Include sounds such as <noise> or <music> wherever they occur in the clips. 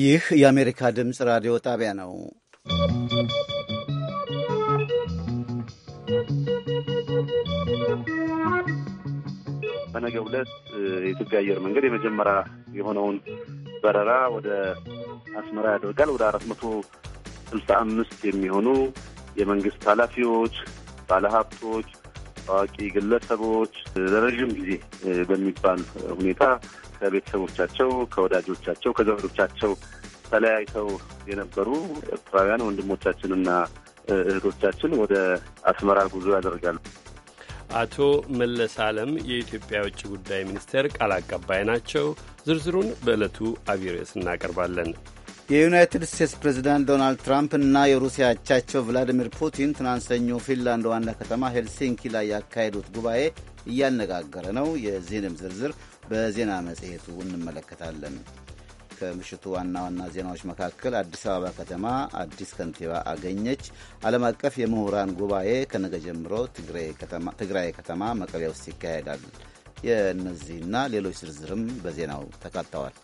ይህ የአሜሪካ ድምፅ ራዲዮ ጣቢያ ነው። በነገው ዕለት የኢትዮጵያ አየር መንገድ የመጀመሪያ የሆነውን በረራ ወደ አስመራ ያደርጋል። ወደ አራት መቶ ስልሳ አምስት የሚሆኑ የመንግስት ኃላፊዎች፣ ባለሀብቶች፣ ታዋቂ ግለሰቦች ለረዥም ጊዜ በሚባል ሁኔታ ከቤተሰቦቻቸው፣ ከወዳጆቻቸው፣ ከዘመዶቻቸው ተለያይተው የነበሩ ኤርትራውያን ወንድሞቻችንና እህቶቻችን ወደ አስመራ ጉዞ ያደርጋሉ። አቶ መለስ አለም የኢትዮጵያ የውጭ ጉዳይ ሚኒስቴር ቃል አቀባይ ናቸው። ዝርዝሩን በዕለቱ አብይ እናቀርባለን። የዩናይትድ ስቴትስ ፕሬዚዳንት ዶናልድ ትራምፕ እና የሩሲያ አቻቸው ቭላዲሚር ፑቲን ትናንት ሰኞ ፊንላንድ ዋና ከተማ ሄልሲንኪ ላይ ያካሄዱት ጉባኤ እያነጋገረ ነው። የዚህንም ዝርዝር በዜና መጽሔቱ እንመለከታለን። ከምሽቱ ዋና ዋና ዜናዎች መካከል አዲስ አበባ ከተማ አዲስ ከንቲባ አገኘች፣ ዓለም አቀፍ የምሁራን ጉባኤ ከነገ ጀምሮ ትግራይ ከተማ መቀሌ ውስጥ ይካሄዳል። የእነዚህና ሌሎች ዝርዝርም በዜናው ተካተዋል።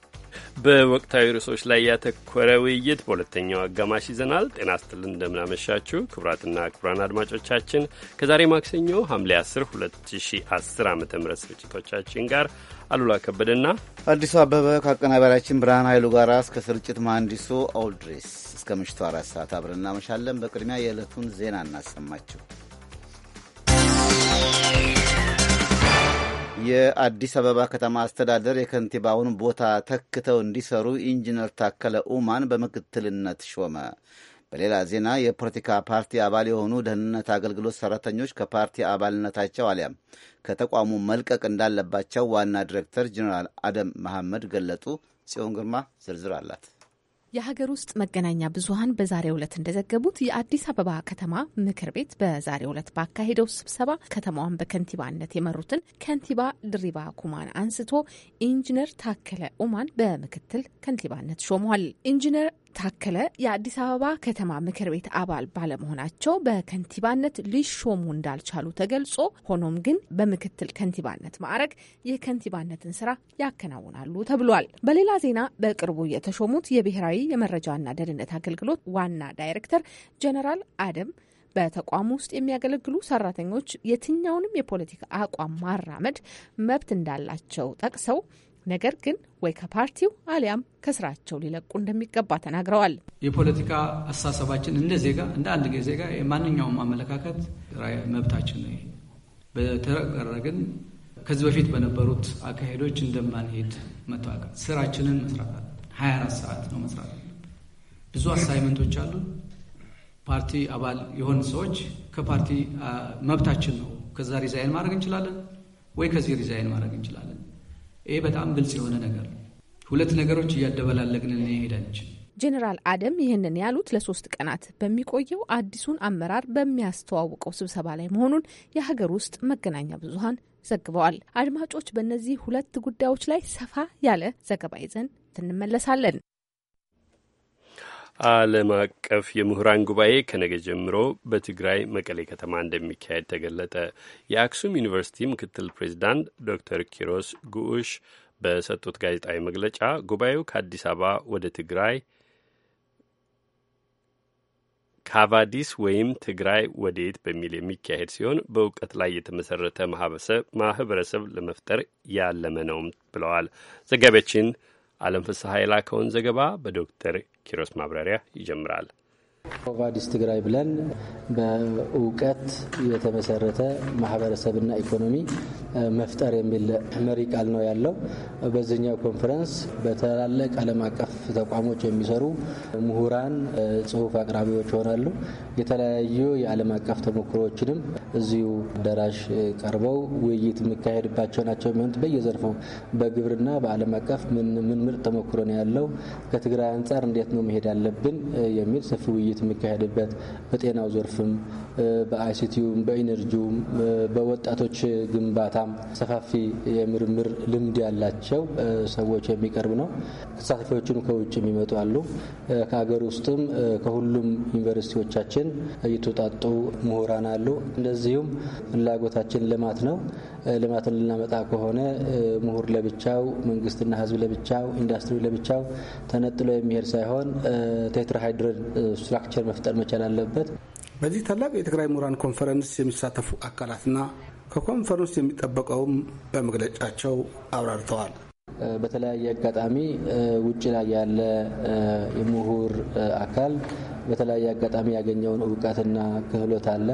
በወቅታዊ ርዕሶች ላይ ያተኮረ ውይይት በሁለተኛው አጋማሽ ይዘናል። ጤና ስጥል እንደምናመሻችሁ ክቡራትና ክቡራን አድማጮቻችን ከዛሬ ማክሰኞ ሐምሌ 10 2010 ዓ ም ስርጭቶቻችን ጋር አሉላ ከበደና አዲሱ አበበ ከአቀናባሪያችን ብርሃን ኃይሉ ጋር እስከ ስርጭት መሐንዲሱ አውልድሬስ እስከ ምሽቱ አራት ሰዓት አብረን እናመሻለን። በቅድሚያ የዕለቱን ዜና እናሰማችሁ። የአዲስ አበባ ከተማ አስተዳደር የከንቲባውን ቦታ ተክተው እንዲሰሩ ኢንጂነር ታከለ ኡማን በምክትልነት ሾመ። በሌላ ዜና የፖለቲካ ፓርቲ አባል የሆኑ ደህንነት አገልግሎት ሰራተኞች ከፓርቲ አባልነታቸው አሊያም ከተቋሙ መልቀቅ እንዳለባቸው ዋና ዲሬክተር ጀኔራል አደም መሐመድ ገለጡ። ጽዮን ግርማ ዝርዝር አላት። የሀገር ውስጥ መገናኛ ብዙኃን በዛሬው ዕለት እንደዘገቡት የአዲስ አበባ ከተማ ምክር ቤት በዛሬው ዕለት ባካሄደው ስብሰባ ከተማዋን በከንቲባነት የመሩትን ከንቲባ ድሪባ ኩማን አንስቶ ኢንጂነር ታከለ ኡማን በምክትል ከንቲባነት ሾመዋል። ኢንጂነር ታከለ የአዲስ አበባ ከተማ ምክር ቤት አባል ባለመሆናቸው በከንቲባነት ሊሾሙ እንዳልቻሉ ተገልጾ፣ ሆኖም ግን በምክትል ከንቲባነት ማዕረግ የከንቲባነትን ስራ ያከናውናሉ ተብሏል። በሌላ ዜና በቅርቡ የተሾሙት የብሔራዊ የመረጃና ደህንነት አገልግሎት ዋና ዳይሬክተር ጀነራል አደም በተቋሙ ውስጥ የሚያገለግሉ ሰራተኞች የትኛውንም የፖለቲካ አቋም ማራመድ መብት እንዳላቸው ጠቅሰው ነገር ግን ወይ ከፓርቲው አሊያም ከስራቸው ሊለቁ እንደሚገባ ተናግረዋል። የፖለቲካ አስተሳሰባችን እንደ ዜጋ እንደ አንድ ዜጋ የማንኛውም አመለካከት መብታችን ነው። በተረቀረ ግን ከዚህ በፊት በነበሩት አካሄዶች እንደማንሄድ መተዋቀል፣ ስራችንን መስራት አለ። 24 ሰዓት ነው መስራት ብዙ አሳይመንቶች አሉ። ፓርቲ አባል የሆኑ ሰዎች ከፓርቲ መብታችን ነው። ከዛ ሪዛይን ማድረግ እንችላለን ወይ ከዚህ ሪዛይን ማድረግ እንችላለን። ይሄ በጣም ግልጽ የሆነ ነገር ነው። ሁለት ነገሮች እያደበላለግን ሄዳች። ጄኔራል አደም ይህንን ያሉት ለሶስት ቀናት በሚቆየው አዲሱን አመራር በሚያስተዋውቀው ስብሰባ ላይ መሆኑን የሀገር ውስጥ መገናኛ ብዙኃን ዘግበዋል። አድማጮች፣ በእነዚህ ሁለት ጉዳዮች ላይ ሰፋ ያለ ዘገባ ይዘን እንመለሳለን። ዓለም አቀፍ የምሁራን ጉባኤ ከነገ ጀምሮ በትግራይ መቀሌ ከተማ እንደሚካሄድ ተገለጠ። የአክሱም ዩኒቨርሲቲ ምክትል ፕሬዚዳንት ዶክተር ኪሮስ ጉዑሽ በሰጡት ጋዜጣዊ መግለጫ ጉባኤው ከአዲስ አበባ ወደ ትግራይ ካቫዲስ ወይም ትግራይ ወዴት በሚል የሚካሄድ ሲሆን በእውቀት ላይ የተመሰረተ ማህበረሰብ ለመፍጠር ያለመ ነውም ብለዋል። ዘጋቢያችን አለም ፍስሐ የላከውን ዘገባ በዶክተር ኪሮስ ማብራሪያ ይጀምራል። ኦቫዲስ ትግራይ ብለን በእውቀት የተመሰረተ ማህበረሰብና ኢኮኖሚ መፍጠር የሚል መሪ ቃል ነው ያለው። በዚህኛው ኮንፈረንስ በትላልቅ ዓለም አቀፍ ተቋሞች የሚሰሩ ምሁራን፣ ጽሁፍ አቅራቢዎች ይሆናሉ። የተለያዩ የዓለም አቀፍ ተሞክሮዎችንም እዚሁ አዳራሽ ቀርበው ውይይት የሚካሄድባቸው ናቸው የሚሆኑት። በየዘርፉ በግብርና በዓለም አቀፍ ምን ምርጥ ተሞክሮ ነው ያለው፣ ከትግራይ አንጻር እንዴት ነው መሄድ ያለብን የሚል ሰፊ ውይይት ውይይት የሚካሄድበት በጤናው ዘርፍም በአይሲቲውም በኢነርጂውም በወጣቶች ግንባታም ሰፋፊ የምርምር ልምድ ያላቸው ሰዎች የሚቀርብ ነው። ተሳታፊዎቹም ከውጭ የሚመጡ አሉ። ከሀገር ውስጥም ከሁሉም ዩኒቨርሲቲዎቻችን እየተወጣጡ ምሁራን አሉ። እንደዚሁም ፍላጎታችን ልማት ነው። ልማትን ልናመጣ ከሆነ ምሁር ለብቻው፣ መንግስትና ህዝብ ለብቻው፣ ኢንዱስትሪ ለብቻው ተነጥሎ የሚሄድ ሳይሆን ቴትራሃይድረን ስትራክቸር ስትራክቸር መፍጠር መቻል አለበት። በዚህ ታላቅ የትግራይ ምሁራን ኮንፈረንስ የሚሳተፉ አካላትና ከኮንፈረንስ የሚጠበቀውም በመግለጫቸው አብራርተዋል። በተለያየ አጋጣሚ ውጭ ላይ ያለ የምሁር አካል በተለያየ አጋጣሚ ያገኘውን እውቀትና ክህሎት አለ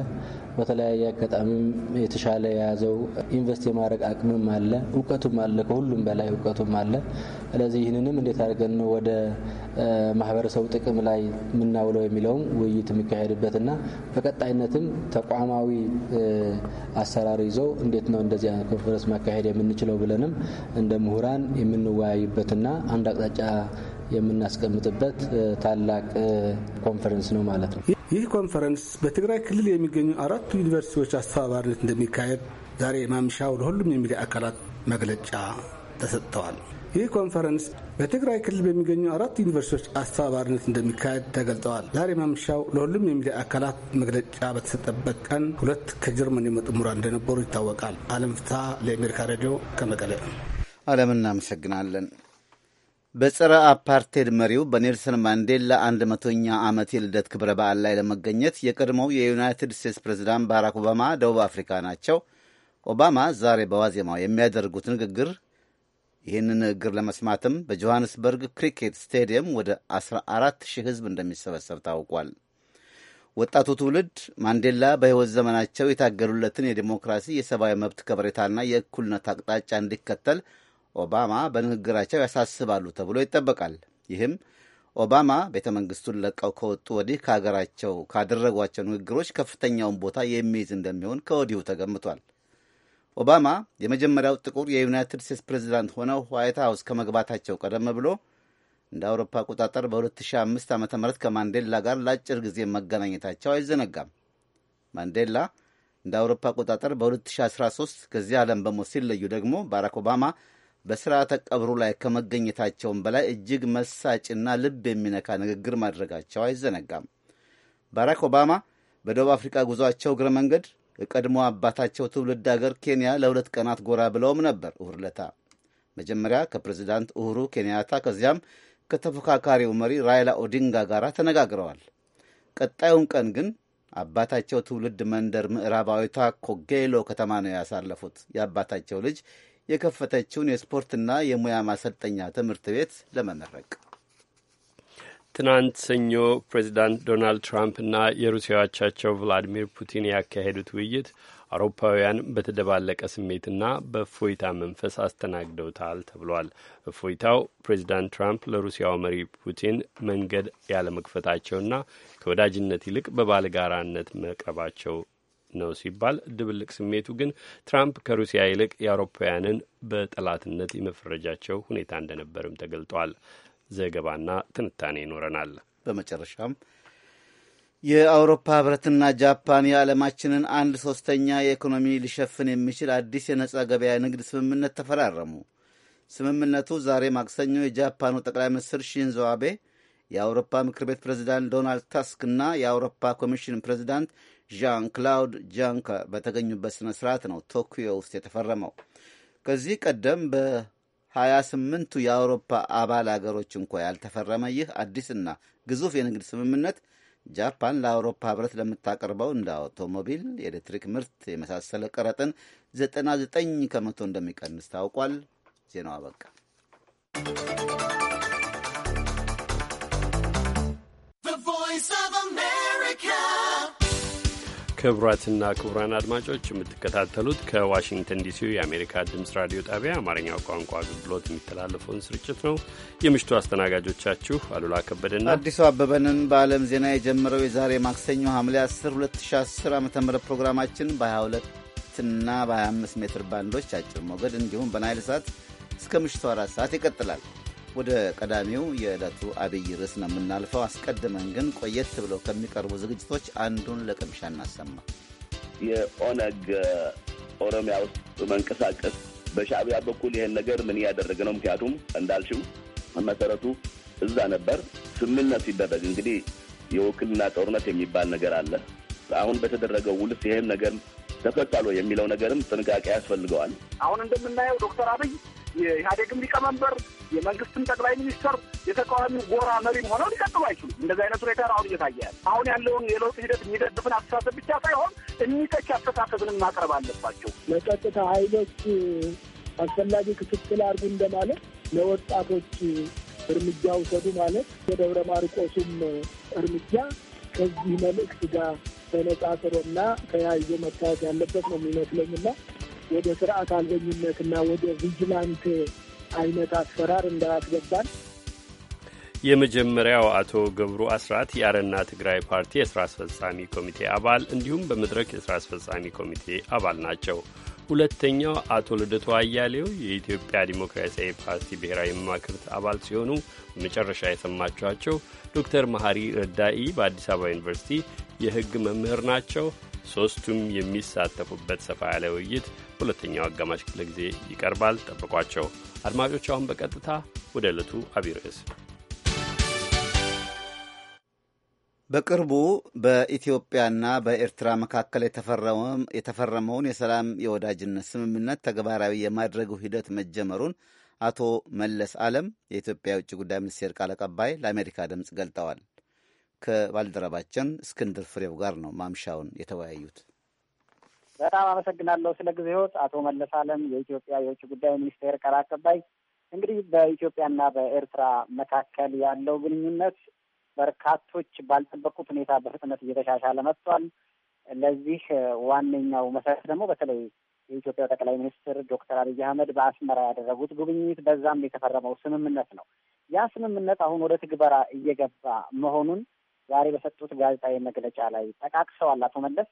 በተለያየ አጋጣሚም የተሻለ የያዘው ኢንቨስት የማድረግ አቅምም አለ፣ እውቀቱም አለ፣ ከሁሉም በላይ እውቀቱም አለ። ስለዚህ ይህንንም እንዴት አድርገን ነው ወደ ማህበረሰቡ ጥቅም ላይ የምናውለው የሚለውም ውይይት የሚካሄድበትና በቀጣይነትም ተቋማዊ አሰራር ይዘው እንዴት ነው እንደዚህ ኮንፈረንስ ማካሄድ የምንችለው ብለንም እንደ ምሁራን የምንወያይበትና አንድ አቅጣጫ የምናስቀምጥበት ታላቅ ኮንፈረንስ ነው ማለት ነው። ይህ ኮንፈረንስ በትግራይ ክልል የሚገኙ አራቱ ዩኒቨርሲቲዎች አስተባባሪነት እንደሚካሄድ ዛሬ ማምሻው ለሁሉም የሚዲያ አካላት መግለጫ ተሰጥተዋል። ይህ ኮንፈረንስ በትግራይ ክልል በሚገኙ አራት ዩኒቨርሲቲዎች አስተባባሪነት እንደሚካሄድ ተገልጠዋል። ዛሬ ማምሻው ለሁሉም የሚዲያ አካላት መግለጫ በተሰጠበት ቀን ሁለት ከጀርመን የመጡ ምሁራን እንደነበሩ ይታወቃል። አለም ፍትሀ ለአሜሪካ ሬዲዮ ከመቀለ። አለም እናመሰግናለን። በጸረ አፓርቴድ መሪው በኔልሰን ማንዴላ አንድ መቶኛ ዓመት የልደት ክብረ በዓል ላይ ለመገኘት የቀድሞው የዩናይትድ ስቴትስ ፕሬዚዳንት ባራክ ኦባማ ደቡብ አፍሪካ ናቸው። ኦባማ ዛሬ በዋዜማው የሚያደርጉት ንግግር ይህንን ንግግር ለመስማትም በጆሐንስበርግ ክሪኬት ስቴዲየም ወደ 14 ሺህ ህዝብ እንደሚሰበሰብ ታውቋል። ወጣቱ ትውልድ ማንዴላ በሕይወት ዘመናቸው የታገሉለትን የዲሞክራሲ የሰብአዊ መብት ከበሬታና የእኩልነት አቅጣጫ እንዲከተል ኦባማ በንግግራቸው ያሳስባሉ ተብሎ ይጠበቃል። ይህም ኦባማ ቤተ መንግስቱን ለቀው ከወጡ ወዲህ ከሀገራቸው ካደረጓቸው ንግግሮች ከፍተኛውን ቦታ የሚይዝ እንደሚሆን ከወዲሁ ተገምቷል። ኦባማ የመጀመሪያው ጥቁር የዩናይትድ ስቴትስ ፕሬዚዳንት ሆነው ዋይት ሀውስ ከመግባታቸው ቀደም ብሎ እንደ አውሮፓ አቆጣጠር በ2005 ዓ ም ከማንዴላ ጋር ለአጭር ጊዜ መገናኘታቸው አይዘነጋም። ማንዴላ እንደ አውሮፓ አቆጣጠር በ2013 ከዚህ ዓለም በሞት ሲለዩ ደግሞ ባራክ ኦባማ በስርዓተ ቀብሩ ላይ ከመገኘታቸውም በላይ እጅግ መሳጭና ልብ የሚነካ ንግግር ማድረጋቸው አይዘነጋም። ባራክ ኦባማ በደቡብ አፍሪካ ጉዟቸው እግረ መንገድ የቀድሞ አባታቸው ትውልድ አገር ኬንያ ለሁለት ቀናት ጎራ ብለውም ነበር እሁድ ለታ መጀመሪያ ከፕሬዚዳንት ኡሁሩ ኬንያታ ከዚያም ከተፎካካሪው መሪ ራይላ ኦዲንጋ ጋር ተነጋግረዋል። ቀጣዩን ቀን ግን አባታቸው ትውልድ መንደር ምዕራባዊቷ ኮጌሎ ከተማ ነው ያሳለፉት። የአባታቸው ልጅ የከፈተችውን የስፖርትና የሙያ ማሰልጠኛ ትምህርት ቤት ለመመረቅ ትናንት ሰኞ ፕሬዚዳንት ዶናልድ ትራምፕና የሩሲያ አቻቸው ቭላዲሚር ፑቲን ያካሄዱት ውይይት አውሮፓውያን በተደባለቀ ስሜትና በእፎይታ መንፈስ አስተናግደውታል ተብሏል። እፎይታው ፕሬዚዳንት ትራምፕ ለሩሲያው መሪ ፑቲን መንገድ ያለመክፈታቸውና ከወዳጅነት ይልቅ በባለጋራነት መቅረባቸው ነው ሲባል ድብልቅ ስሜቱ ግን ትራምፕ ከሩሲያ ይልቅ የአውሮፓውያንን በጠላትነት የመፈረጃቸው ሁኔታ እንደነበርም ተገልጧል። ዘገባና ትንታኔ ይኖረናል። በመጨረሻም የአውሮፓ ህብረትና ጃፓን የዓለማችንን አንድ ሶስተኛ የኢኮኖሚ ሊሸፍን የሚችል አዲስ የነጻ ገበያ ንግድ ስምምነት ተፈራረሙ። ስምምነቱ ዛሬ ማክሰኞ የጃፓኑ ጠቅላይ ሚኒስትር ሺንዞ አቤ የአውሮፓ ምክር ቤት ፕሬዚዳንት ዶናልድ ታስክ እና የአውሮፓ ኮሚሽን ፕሬዚዳንት ዣን ክላውድ ጃንከ በተገኙበት ስነ ስርዓት ነው ቶኪዮ ውስጥ የተፈረመው። ከዚህ ቀደም በሀያ ስምንቱ የአውሮፓ አባል አገሮች እንኳ ያልተፈረመ ይህ አዲስና ግዙፍ የንግድ ስምምነት ጃፓን ለአውሮፓ ህብረት ለምታቀርበው እንደ አውቶሞቢል፣ የኤሌክትሪክ ምርት የመሳሰለ ቀረጥን 99 ከመቶ እንደሚቀንስ ታውቋል። ዜናው አበቃ። ክቡራትና ክቡራን አድማጮች የምትከታተሉት ከዋሽንግተን ዲሲ የአሜሪካ ድምፅ ራዲዮ ጣቢያ አማርኛው ቋንቋ አገልግሎት የሚተላለፈውን ስርጭት ነው። የምሽቱ አስተናጋጆቻችሁ አሉላ ከበደና አዲሱ አበበንን በዓለም ዜና የጀመረው የዛሬ ማክሰኞ ሐምሌ 10 2010 ዓ ም ፕሮግራማችን በ22 እና በ25 ሜትር ባንዶች አጭር ሞገድ እንዲሁም በናይል ሰዓት እስከ ምሽቱ አራት ሰዓት ይቀጥላል። ወደ ቀዳሚው የዕለቱ አብይ ርዕስ ነው የምናልፈው። አስቀድመን ግን ቆየት ብለው ከሚቀርቡ ዝግጅቶች አንዱን ለቅምሻ እናሰማ። የኦነግ ኦሮሚያ ውስጥ መንቀሳቀስ በሻዕቢያ በኩል ይሄን ነገር ምን እያደረገ ነው? ምክንያቱም እንዳልሽው መሰረቱ እዛ ነበር። ስምምነት ሲደረግ እንግዲህ የውክልና ጦርነት የሚባል ነገር አለ። አሁን በተደረገው ውልስ ይህም ነገር ተፈቷል የሚለው ነገርም ጥንቃቄ ያስፈልገዋል። አሁን እንደምናየው ዶክተር አብይ የኢህአዴግም ሊቀመንበር የመንግስትም ጠቅላይ ሚኒስትር የተቃዋሚ ጎራ መሪም ሆነው ሊቀጥሉ አይችሉም። እንደዚህ አይነት ሁኔታ አሁን እየታየ አሁን ያለውን የለውጥ ሂደት የሚደግፍን አስተሳሰብ ብቻ ሳይሆን እሚተች አስተሳሰብንም ማቅረብ አለባቸው። ለጸጥታ ኃይሎች አስፈላጊ ክትትል አድርጉ እንደማለት ለወጣቶች እርምጃ ውሰዱ ማለት የደብረ ማርቆሱም እርምጃ ከዚህ መልእክት ጋር ተነጻጽሮና ተያይዞ መታየት ያለበት ነው የሚመስለኝና ወደ ስርዓት አልበኝነትና ወደ ቪጂላንት አይነት አሰራር እንዳያስገባን የመጀመሪያው አቶ ገብሩ አስራት የአረና ትግራይ ፓርቲ የስራ አስፈጻሚ ኮሚቴ አባል እንዲሁም በመድረክ የስራ አስፈጻሚ ኮሚቴ አባል ናቸው። ሁለተኛው አቶ ልደቱ አያሌው የኢትዮጵያ ዲሞክራሲያዊ ፓርቲ ብሔራዊ መማክርት አባል ሲሆኑ በመጨረሻ የሰማችኋቸው ዶክተር መሐሪ ረዳኢ በአዲስ አበባ ዩኒቨርሲቲ የሕግ መምህር ናቸው። ሦስቱም የሚሳተፉበት ሰፋ ያለ ውይይት ሁለተኛው አጋማሽ ክፍለ ጊዜ ይቀርባል። ጠብቋቸው አድማጮች። አሁን በቀጥታ ወደ ዕለቱ አብይ ርዕስ በቅርቡ በኢትዮጵያና በኤርትራ መካከል የተፈረመውን የሰላም የወዳጅነት ስምምነት ተግባራዊ የማድረጉ ሂደት መጀመሩን አቶ መለስ አለም የኢትዮጵያ የውጭ ጉዳይ ሚኒስቴር ቃል አቀባይ ለአሜሪካ ድምፅ ገልጠዋል። ከባልደረባችን እስክንድር ፍሬው ጋር ነው ማምሻውን የተወያዩት። በጣም አመሰግናለሁ ስለ ጊዜዎት አቶ መለስ አለም፣ የኢትዮጵያ የውጭ ጉዳይ ሚኒስቴር ቃል አቀባይ። እንግዲህ በኢትዮጵያና በኤርትራ መካከል ያለው ግንኙነት በርካቶች ባልጠበቁት ሁኔታ በፍጥነት እየተሻሻለ መጥቷል። ለዚህ ዋነኛው መሰረት ደግሞ በተለይ የኢትዮጵያ ጠቅላይ ሚኒስትር ዶክተር አብይ አህመድ በአስመራ ያደረጉት ጉብኝት፣ በዛም የተፈረመው ስምምነት ነው። ያ ስምምነት አሁን ወደ ትግበራ እየገባ መሆኑን ዛሬ በሰጡት ጋዜጣዊ መግለጫ ላይ ጠቃቅሰዋል። አቶ መለስ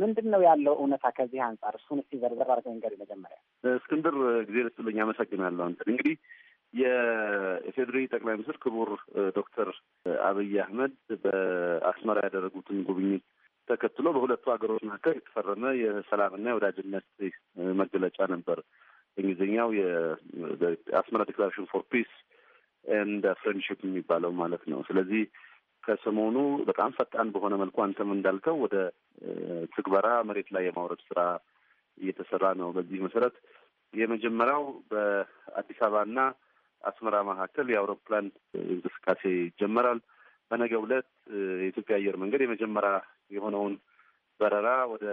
ምንድን ነው ያለው እውነታ ከዚህ አንጻር? እሱን እስቲ ዘርዘር አድርገህ ንገረኝ። መጀመሪያ እስክንድር ጊዜ ልስጥልኝ፣ አመሰግናለሁ። አንተን እንግዲህ የኢፌዴሪ ጠቅላይ ሚኒስትር ክቡር ዶክተር አብይ አህመድ በአስመራ ያደረጉትን ጉብኝት ተከትሎ በሁለቱ ሀገሮች መካከል የተፈረመ የሰላምና የወዳጅነት መገለጫ ነበር። በእንግሊዝኛው የአስመራ ዲክላሬሽን ፎር ፒስ ኤንድ ፍሬንድሽፕ የሚባለው ማለት ነው። ስለዚህ ከሰሞኑ በጣም ፈጣን በሆነ መልኩ አንተም እንዳልከው ወደ ትግበራ መሬት ላይ የማውረድ ስራ እየተሰራ ነው። በዚህ መሰረት የመጀመሪያው በአዲስ አበባና አስመራ መካከል የአውሮፕላን እንቅስቃሴ ይጀመራል። በነገ ዕለት የኢትዮጵያ አየር መንገድ የመጀመሪያ የሆነውን በረራ ወደ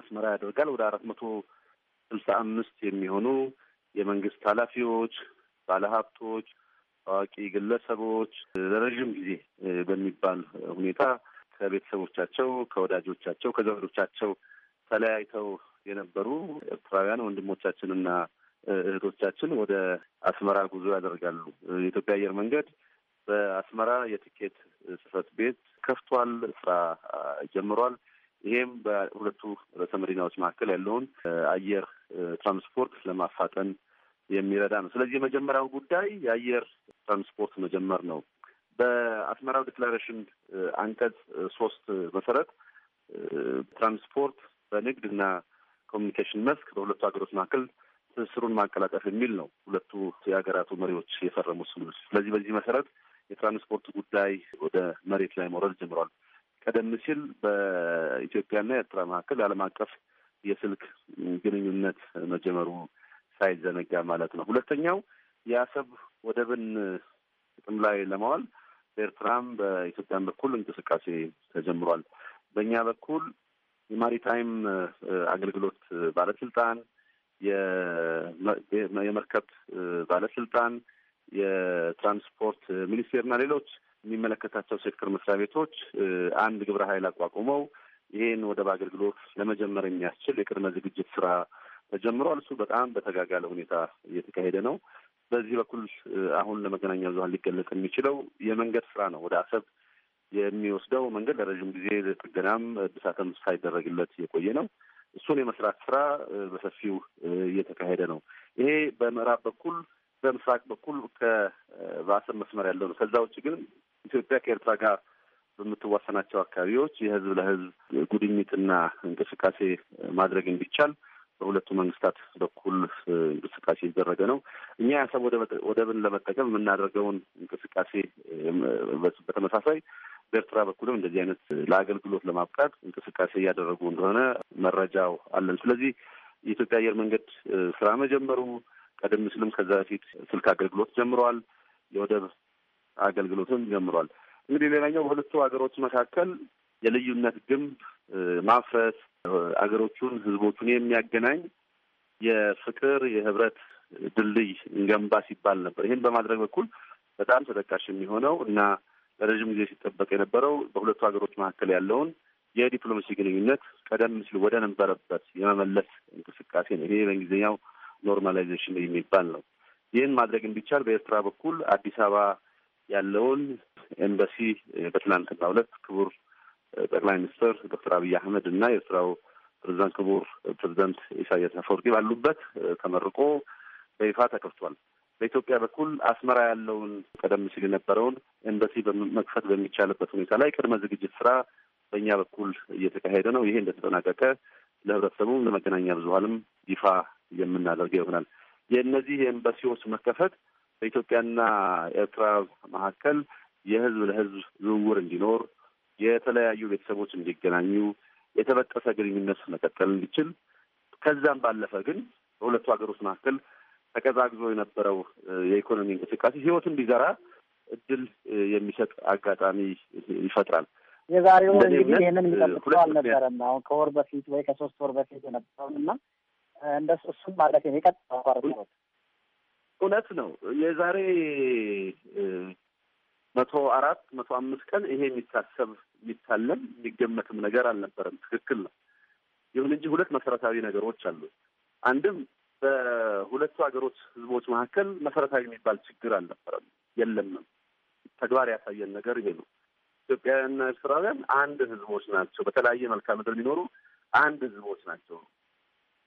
አስመራ ያደርጋል። ወደ አራት መቶ ስልሳ አምስት የሚሆኑ የመንግስት ኃላፊዎች፣ ባለሀብቶች ታዋቂ ግለሰቦች ለረዥም ጊዜ በሚባል ሁኔታ ከቤተሰቦቻቸው፣ ከወዳጆቻቸው፣ ከዘመዶቻቸው ተለያይተው የነበሩ ኤርትራውያን ወንድሞቻችንና እህቶቻችን ወደ አስመራ ጉዞ ያደርጋሉ። የኢትዮጵያ አየር መንገድ በአስመራ የትኬት ጽህፈት ቤት ከፍቷል፣ ስራ ጀምሯል። ይሄም በሁለቱ ርዕሰ መዲናዎች መካከል ያለውን አየር ትራንስፖርት ለማፋጠን የሚረዳ ነው። ስለዚህ የመጀመሪያው ጉዳይ የአየር ትራንስፖርት መጀመር ነው። በአስመራው ዲክላሬሽን አንቀጽ ሶስት መሰረት ትራንስፖርት እና ኮሚኒኬሽን መስክ በሁለቱ ሀገሮች መካከል ትስስሩን ማቀላጠፍ የሚል ነው። ሁለቱ የሀገራቱ መሪዎች የፈረሙ ስምምነት። ስለዚህ በዚህ መሰረት የትራንስፖርት ጉዳይ ወደ መሬት ላይ መውረድ ጀምሯል። ቀደም ሲል በኢትዮጵያና ኤርትራ መካከል አለም አቀፍ የስልክ ግንኙነት መጀመሩ ሳይዘነጋ ማለት ነው። ሁለተኛው የአሰብ ወደብን ጥቅም ላይ ለማዋል በኤርትራም በኢትዮጵያም በኩል እንቅስቃሴ ተጀምሯል። በእኛ በኩል የማሪታይም አገልግሎት ባለስልጣን፣ የመርከብ ባለስልጣን፣ የትራንስፖርት ሚኒስቴርና ሌሎች የሚመለከታቸው ሴክተር መስሪያ ቤቶች አንድ ግብረ ኃይል አቋቁመው ይህን ወደብ አገልግሎት ለመጀመር የሚያስችል የቅድመ ዝግጅት ስራ ተጀምሯል። እሱ በጣም በተጋጋለ ሁኔታ እየተካሄደ ነው። በዚህ በኩል አሁን ለመገናኛ ብዙሀን ሊገለጽ የሚችለው የመንገድ ስራ ነው። ወደ አሰብ የሚወስደው መንገድ ለረዥም ጊዜ ጥገናም እድሳትም ሳይደረግለት የቆየ ነው። እሱን የመስራት ስራ በሰፊው እየተካሄደ ነው። ይሄ በምዕራብ በኩል በምስራቅ በኩል በአሰብ መስመር ያለው ነው። ከዛ ውጭ ግን ኢትዮጵያ ከኤርትራ ጋር በምትዋሰናቸው አካባቢዎች የህዝብ ለህዝብ ጉድኝትና እንቅስቃሴ ማድረግ እንዲቻል በሁለቱ መንግስታት በኩል እንቅስቃሴ የተደረገ ነው። እኛ የአሰብ ወደብን ለመጠቀም የምናደርገውን እንቅስቃሴ በተመሳሳይ በኤርትራ በኩልም እንደዚህ አይነት ለአገልግሎት ለማብቃት እንቅስቃሴ እያደረጉ እንደሆነ መረጃው አለን። ስለዚህ የኢትዮጵያ አየር መንገድ ስራ መጀመሩ ቀደም ሲልም ከዛ በፊት ስልክ አገልግሎት ጀምረዋል። የወደብ አገልግሎትም ጀምሯል። እንግዲህ ሌላኛው በሁለቱ ሀገሮች መካከል የልዩነት ግንብ ማፍረስ አገሮቹን ህዝቦቹን የሚያገናኝ የፍቅር የህብረት ድልድይ እንገንባ ሲባል ነበር። ይህን በማድረግ በኩል በጣም ተጠቃሽ የሚሆነው እና ለረዥም ጊዜ ሲጠበቅ የነበረው በሁለቱ ሀገሮች መካከል ያለውን የዲፕሎማሲ ግንኙነት ቀደም ሲል ወደ ነበረበት የመመለስ እንቅስቃሴ ነው። ይሄ በእንግሊዝኛው ኖርማላይዜሽን የሚባል ነው። ይህን ማድረግ እንዲቻል በኤርትራ በኩል አዲስ አበባ ያለውን ኤምባሲ በትናንትና ሁለት ክቡር ጠቅላይ ሚኒስትር ዶክተር አብይ አህመድ እና የኤርትራው ፕሬዚዳንት ክቡር ፕሬዚዳንት ኢሳያስ አፈወርቂ ባሉበት ተመርቆ በይፋ ተከፍቷል። በኢትዮጵያ በኩል አስመራ ያለውን ቀደም ሲል የነበረውን ኤምባሲ መክፈት በሚቻልበት ሁኔታ ላይ ቅድመ ዝግጅት ስራ በእኛ በኩል እየተካሄደ ነው። ይሄ እንደተጠናቀቀ ለህብረተሰቡም ለመገናኛ ብዙሀንም ይፋ የምናደርገው ይሆናል። የእነዚህ የኤምባሲዎች መከፈት በኢትዮጵያና ኤርትራ መካከል የህዝብ ለህዝብ ዝውውር እንዲኖር የተለያዩ ቤተሰቦች እንዲገናኙ የተበጠሰ ግንኙነት መቀጠል እንዲችል ከዛም ባለፈ ግን በሁለቱ ሀገሮች መካከል ተቀዛግዞ የነበረው የኢኮኖሚ እንቅስቃሴ ህይወት እንዲዘራ እድል የሚሰጥ አጋጣሚ ይፈጥራል። የዛሬው እንግዲህ ይህንን የሚጠብቀው አልነበረም። አሁን ከወር በፊት ወይ ከሶስት ወር በፊት የነበረውን እና እንደ እሱም ማለት የቀጥ እውነት ነው የዛሬ መቶ አራት መቶ አምስት ቀን ይሄ የሚታሰብ የሚታለም የሚገመትም ነገር አልነበረም። ትክክል ነው። ይሁን እንጂ ሁለት መሰረታዊ ነገሮች አሉ። አንድም በሁለቱ ሀገሮች ህዝቦች መካከል መሰረታዊ የሚባል ችግር አልነበረም፣ የለምም። ተግባር ያሳየን ነገር ይሄ ነው። ኢትዮጵያውያንና ኤርትራውያን አንድ ህዝቦች ናቸው። በተለያየ መልክዓ ምድር የሚኖሩ አንድ ህዝቦች ናቸው።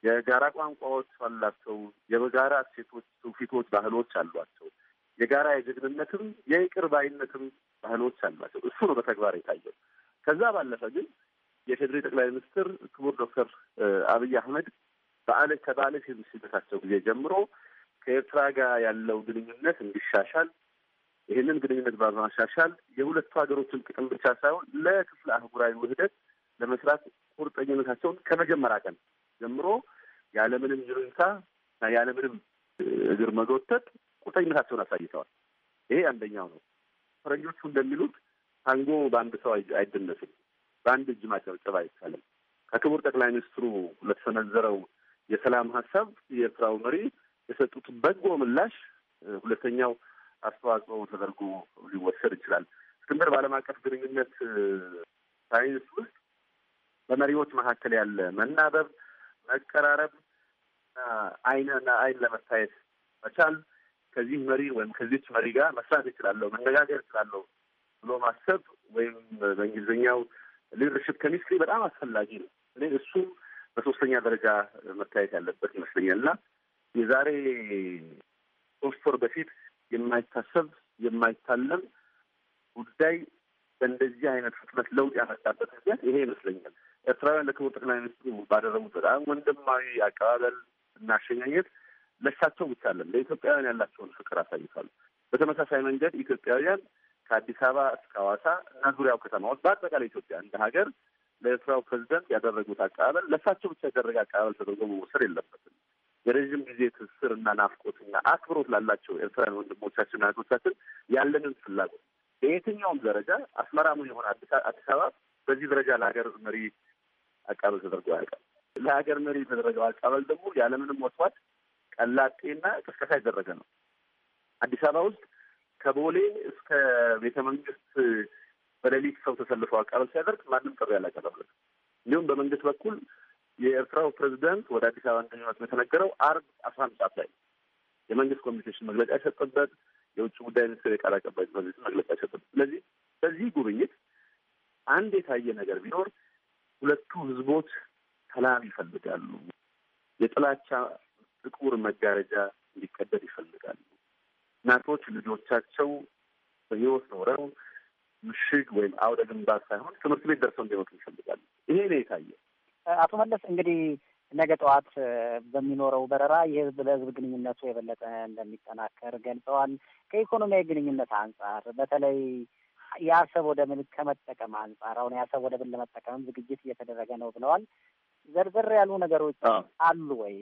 የጋራ ቋንቋዎች አላቸው። የበጋራ እሴቶች፣ ትውፊቶች፣ ባህሎች አሏቸው። የጋራ የጀግንነትም የይቅር ባይነትም ባህሎች አሏቸው። እሱ ነው በተግባር የታየው። ከዛ ባለፈ ግን የፌዴሪ ጠቅላይ ሚኒስትር ክቡር ዶክተር አብይ አህመድ በአለ ከበዓለ ሲመታቸው ጊዜ ጀምሮ ከኤርትራ ጋር ያለው ግንኙነት እንዲሻሻል ይህንን ግንኙነት በማሻሻል የሁለቱ ሀገሮችን ጥቅም ብቻ ሳይሆን ለክፍለ አህጉራዊ ውህደት ለመስራት ቁርጠኝነታቸውን ከመጀመሪያ ቀን ጀምሮ ያለምንም ጅርንታ እና ያለምንም እግር መጎተት ቁርጠኝነታቸውን አሳይተዋል። ይሄ አንደኛው ነው። ፈረንጆቹ እንደሚሉት ታንጎ በአንድ ሰው አይደነስም፣ በአንድ እጅ ማጨብጨብ አይቻልም። ከክቡር ጠቅላይ ሚኒስትሩ ለተሰነዘረው የሰላም ሀሳብ የኤርትራው መሪ የሰጡት በጎ ምላሽ ሁለተኛው አስተዋጽኦ ተደርጎ ሊወሰድ ይችላል። እስክንድር በዓለም አቀፍ ግንኙነት ሳይንስ ውስጥ በመሪዎች መካከል ያለ መናበብ፣ መቀራረብ አይንና አይን ለመታየት መቻል ከዚህ መሪ ወይም ከዚች መሪ ጋር መስራት ይችላለሁ፣ መነጋገር ይችላለሁ ብሎ ማሰብ ወይም በእንግሊዝኛው ሊደርሽፕ ከሚስትሪ በጣም አስፈላጊ ነው። እኔ እሱ በሶስተኛ ደረጃ መታየት ያለበት ይመስለኛል እና የዛሬ ሶስት ወር በፊት የማይታሰብ የማይታለም ጉዳይ በእንደዚህ አይነት ፍጥነት ለውጥ ያመጣበት ምክንያት ይሄ ይመስለኛል። ኤርትራውያን ለክቡር ጠቅላይ ሚኒስትሩ ባደረጉት በጣም ወንድማዊ አቀባበል እና አሸኛኘት ለእሳቸው ብቻ አለም ለኢትዮጵያውያን ያላቸውን ፍቅር አሳይቷል። በተመሳሳይ መንገድ ኢትዮጵያውያን ከአዲስ አበባ እስከ ሐዋሳ እና ዙሪያው ከተማዎች በአጠቃላይ ኢትዮጵያ እንደ ሀገር ለኤርትራው ፕሬዚደንት ያደረጉት አቀባበል ለእሳቸው ብቻ ያደረገ አቀባበል ተደርጎ መወሰድ የለበትም። የረዥም ጊዜ ትስስርና ናፍቆትና አክብሮት ላላቸው ኤርትራን ወንድሞቻችንና እህቶቻችን ያለንን ፍላጎት በየትኛውም ደረጃ አስመራሙ የሆነ አዲስ አበባ በዚህ ደረጃ ለሀገር መሪ አቀባበል ተደርጎ ያውቃል። ለሀገር መሪ የተደረገው አቀባበል ደግሞ ያለምንም ወስዋት ቀላጤና ቅስቀሳ ያደረገ ነው። አዲስ አበባ ውስጥ ከቦሌ እስከ ቤተ መንግስት በሌሊት ሰው ተሰልፎ አቀባበል ሲያደርግ ማንም ጥሪ ያላቀረበለት። እንዲሁም በመንግስት በኩል የኤርትራው ፕሬዚደንት ወደ አዲስ አበባ እንደሚመጡ የተነገረው አርብ አስራ አንድ ሰዓት ላይ የመንግስት ኮሚኒኬሽን መግለጫ የሰጠበት፣ የውጭ ጉዳይ ሚኒስትር የቃል አቀባይ መግለጫ የሰጠበት። ስለዚህ በዚህ ጉብኝት አንድ የታየ ነገር ቢኖር ሁለቱ ህዝቦች ሰላም ይፈልጋሉ። የጥላቻ ጥቁር መጋረጃ እንዲቀደድ ይፈልጋሉ። እናቶች ልጆቻቸው በህይወት ኖረው ምሽግ ወይም አውደ ግንባር ሳይሆን ትምህርት ቤት ደርሰው እንዲወጡ ይፈልጋሉ። ይሄ ነው የታየ። አቶ መለስ እንግዲህ ነገ ጠዋት በሚኖረው በረራ የህዝብ ለህዝብ ግንኙነቱ የበለጠ እንደሚጠናከር ገልጸዋል። ከኢኮኖሚያዊ ግንኙነት አንጻር በተለይ የአሰብ ወደብን ከመጠቀም አንጻር አሁን የአሰብ ወደብን ለመጠቀምም ዝግጅት እየተደረገ ነው ብለዋል። ዘርዘር ያሉ ነገሮች አሉ ወይ?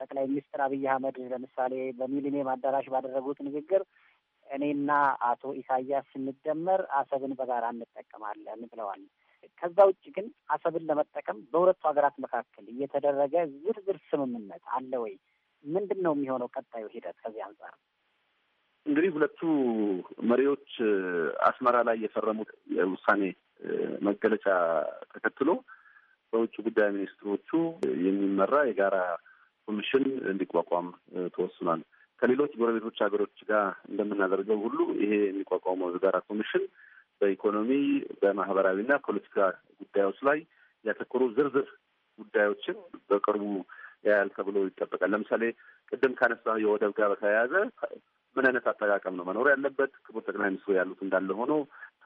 ጠቅላይ ሚኒስትር አብይ አህመድ ለምሳሌ በሚሊኒየም አዳራሽ ባደረጉት ንግግር እኔና አቶ ኢሳያስ ስንደመር አሰብን በጋራ እንጠቀማለን ብለዋል። ከዛ ውጭ ግን አሰብን ለመጠቀም በሁለቱ ሀገራት መካከል እየተደረገ ዝርዝር ስምምነት አለ ወይ? ምንድን ነው የሚሆነው ቀጣዩ ሂደት? ከዚህ አንጻር እንግዲህ ሁለቱ መሪዎች አስመራ ላይ የፈረሙት የውሳኔ መገለጫ ተከትሎ በውጭ ጉዳይ ሚኒስትሮቹ የሚመራ የጋራ ኮሚሽን እንዲቋቋም ተወስኗል። ከሌሎች ጎረቤቶች ሀገሮች ጋር እንደምናደርገው ሁሉ ይሄ የሚቋቋመው የጋራ ኮሚሽን በኢኮኖሚ በማህበራዊና ፖለቲካ ጉዳዮች ላይ ያተኮሩ ዝርዝር ጉዳዮችን በቅርቡ ያያል ተብሎ ይጠበቃል። ለምሳሌ ቅድም ካነሳ የወደብ ጋር በተያያዘ ምን አይነት አጠቃቀም ነው መኖር ያለበት? ክቡር ጠቅላይ ሚኒስትሩ ያሉት እንዳለ ሆኖ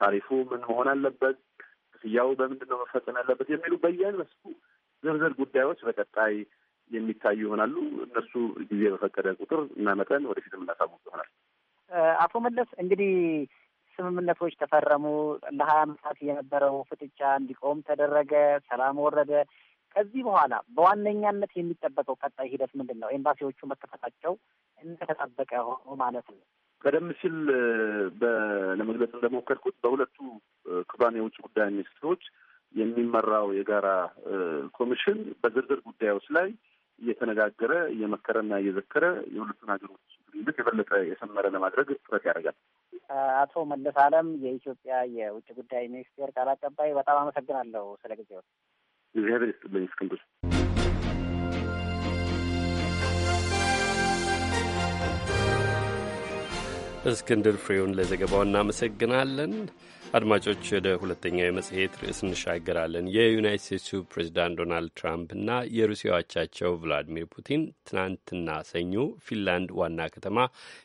ታሪፉ ምን መሆን አለበት? ክፍያው በምንድን ነው መፈጸም ያለበት የሚሉ በየመስኩ ዝርዝር ጉዳዮች በቀጣይ የሚታዩ ይሆናሉ። እነሱ ጊዜ በፈቀደ ቁጥር እና መጠን ወደፊት የምናሳውቅ ይሆናል። አቶ መለስ እንግዲህ ስምምነቶች ተፈረሙ። ለሀያ ዓመታት የነበረው ፍጥጫ እንዲቆም ተደረገ። ሰላም ወረደ። ከዚህ በኋላ በዋነኛነት የሚጠበቀው ቀጣይ ሂደት ምንድን ነው? ኤምባሲዎቹ መከፈታቸው እንደተጠበቀ ሆኖ ማለት ነው። ቀደም ሲል ለመግለጽ እንደሞከርኩት በሁለቱ ክቡራን የውጭ ጉዳይ ሚኒስትሮች የሚመራው የጋራ ኮሚሽን በዝርዝር ጉዳዮች ላይ እየተነጋገረ እየመከረና እየዘከረ የሁለቱን ሀገሮች ግንኙነት የበለጠ የሰመረ ለማድረግ ጥረት ያደርጋል። አቶ መለስ አለም የኢትዮጵያ የውጭ ጉዳይ ሚኒስቴር ቃል አቀባይ፣ በጣም አመሰግናለሁ ስለ ጊዜው። እግዚአብሔር ይስጥልኝ እስክንድር። እስክንድር ፍሬውን ለዘገባው እናመሰግናለን። አድማጮች ወደ ሁለተኛው የመጽሔት ርዕስ እንሻገራለን። የዩናይት ስቴትሱ ፕሬዚዳንት ዶናልድ ትራምፕ የሩሲያው አቻቸው ቭላዲሚር ፑቲን ትናንትና ሰኞ ፊንላንድ ዋና ከተማ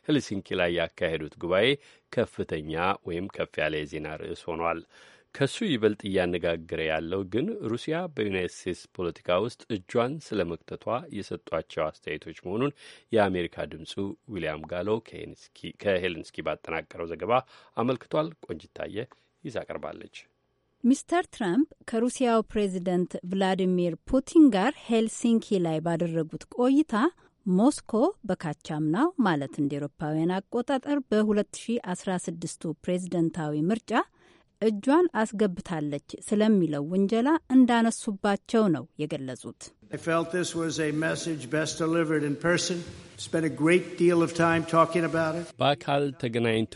ሄልሲንኪ ላይ ያካሄዱት ጉባኤ ከፍተኛ ወይም ከፍ ያለ የዜና ርዕስ ሆኗል። ከሱ ይበልጥ እያነጋገረ ያለው ግን ሩሲያ በዩናይት ስቴትስ ፖለቲካ ውስጥ እጇን ስለ መክተቷ የሰጧቸው አስተያየቶች መሆኑን የአሜሪካ ድምፁ ዊልያም ጋሎ ከሄልንስኪ ባጠናቀረው ዘገባ አመልክቷል። ቆንጅታየ ይዛ ቀርባለች። ሚስተር ትራምፕ ከሩሲያው ፕሬዚደንት ቭላዲሚር ፑቲን ጋር ሄልሲንኪ ላይ ባደረጉት ቆይታ ሞስኮ በካቻምናው ማለት እንደ ኤሮፓውያን አቆጣጠር በ2016ቱ ፕሬዝደንታዊ ምርጫ እጇን አስገብታለች ስለሚለው ውንጀላ እንዳነሱባቸው ነው የገለጹት። በአካል ተገናኝቶ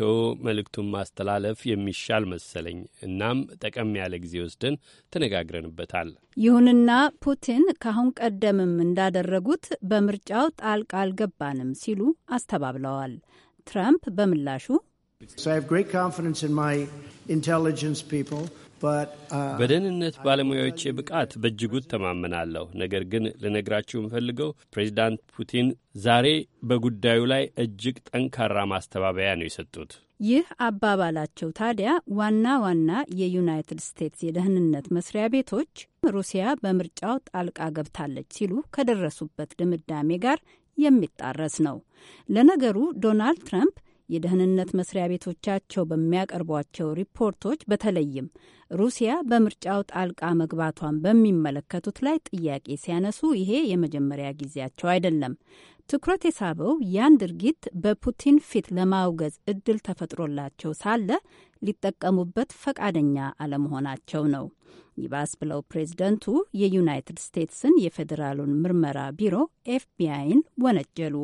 መልእክቱን ማስተላለፍ የሚሻል መሰለኝ። እናም ጠቀም ያለ ጊዜ ወስደን ተነጋግረንበታል። ይሁንና ፑቲን ከአሁን ቀደምም እንዳደረጉት በምርጫው ጣልቃ አልገባንም ሲሉ አስተባብለዋል። ትራምፕ በምላሹ Uh, በደህንነት ባለሙያዎች ብቃት በእጅጉ ተማመናለሁ። ነገር ግን ልነግራችሁ የምፈልገው ፕሬዚዳንት ፑቲን ዛሬ በጉዳዩ ላይ እጅግ ጠንካራ ማስተባበያ ነው የሰጡት። ይህ አባባላቸው ታዲያ ዋና ዋና የዩናይትድ ስቴትስ የደህንነት መስሪያ ቤቶች ሩሲያ በምርጫው ጣልቃ ገብታለች ሲሉ ከደረሱበት ድምዳሜ ጋር የሚጣረስ ነው። ለነገሩ ዶናልድ ትራምፕ የደህንነት መስሪያ ቤቶቻቸው በሚያቀርቧቸው ሪፖርቶች በተለይም ሩሲያ በምርጫው ጣልቃ መግባቷን በሚመለከቱት ላይ ጥያቄ ሲያነሱ ይሄ የመጀመሪያ ጊዜያቸው አይደለም። ትኩረት የሳበው ያን ድርጊት በፑቲን ፊት ለማውገዝ እድል ተፈጥሮላቸው ሳለ ሊጠቀሙበት ፈቃደኛ አለመሆናቸው ነው። ይባስ ብለው ፕሬዝደንቱ የዩናይትድ ስቴትስን የፌዴራሉን ምርመራ ቢሮ ኤፍቢአይን ወነጀሉ።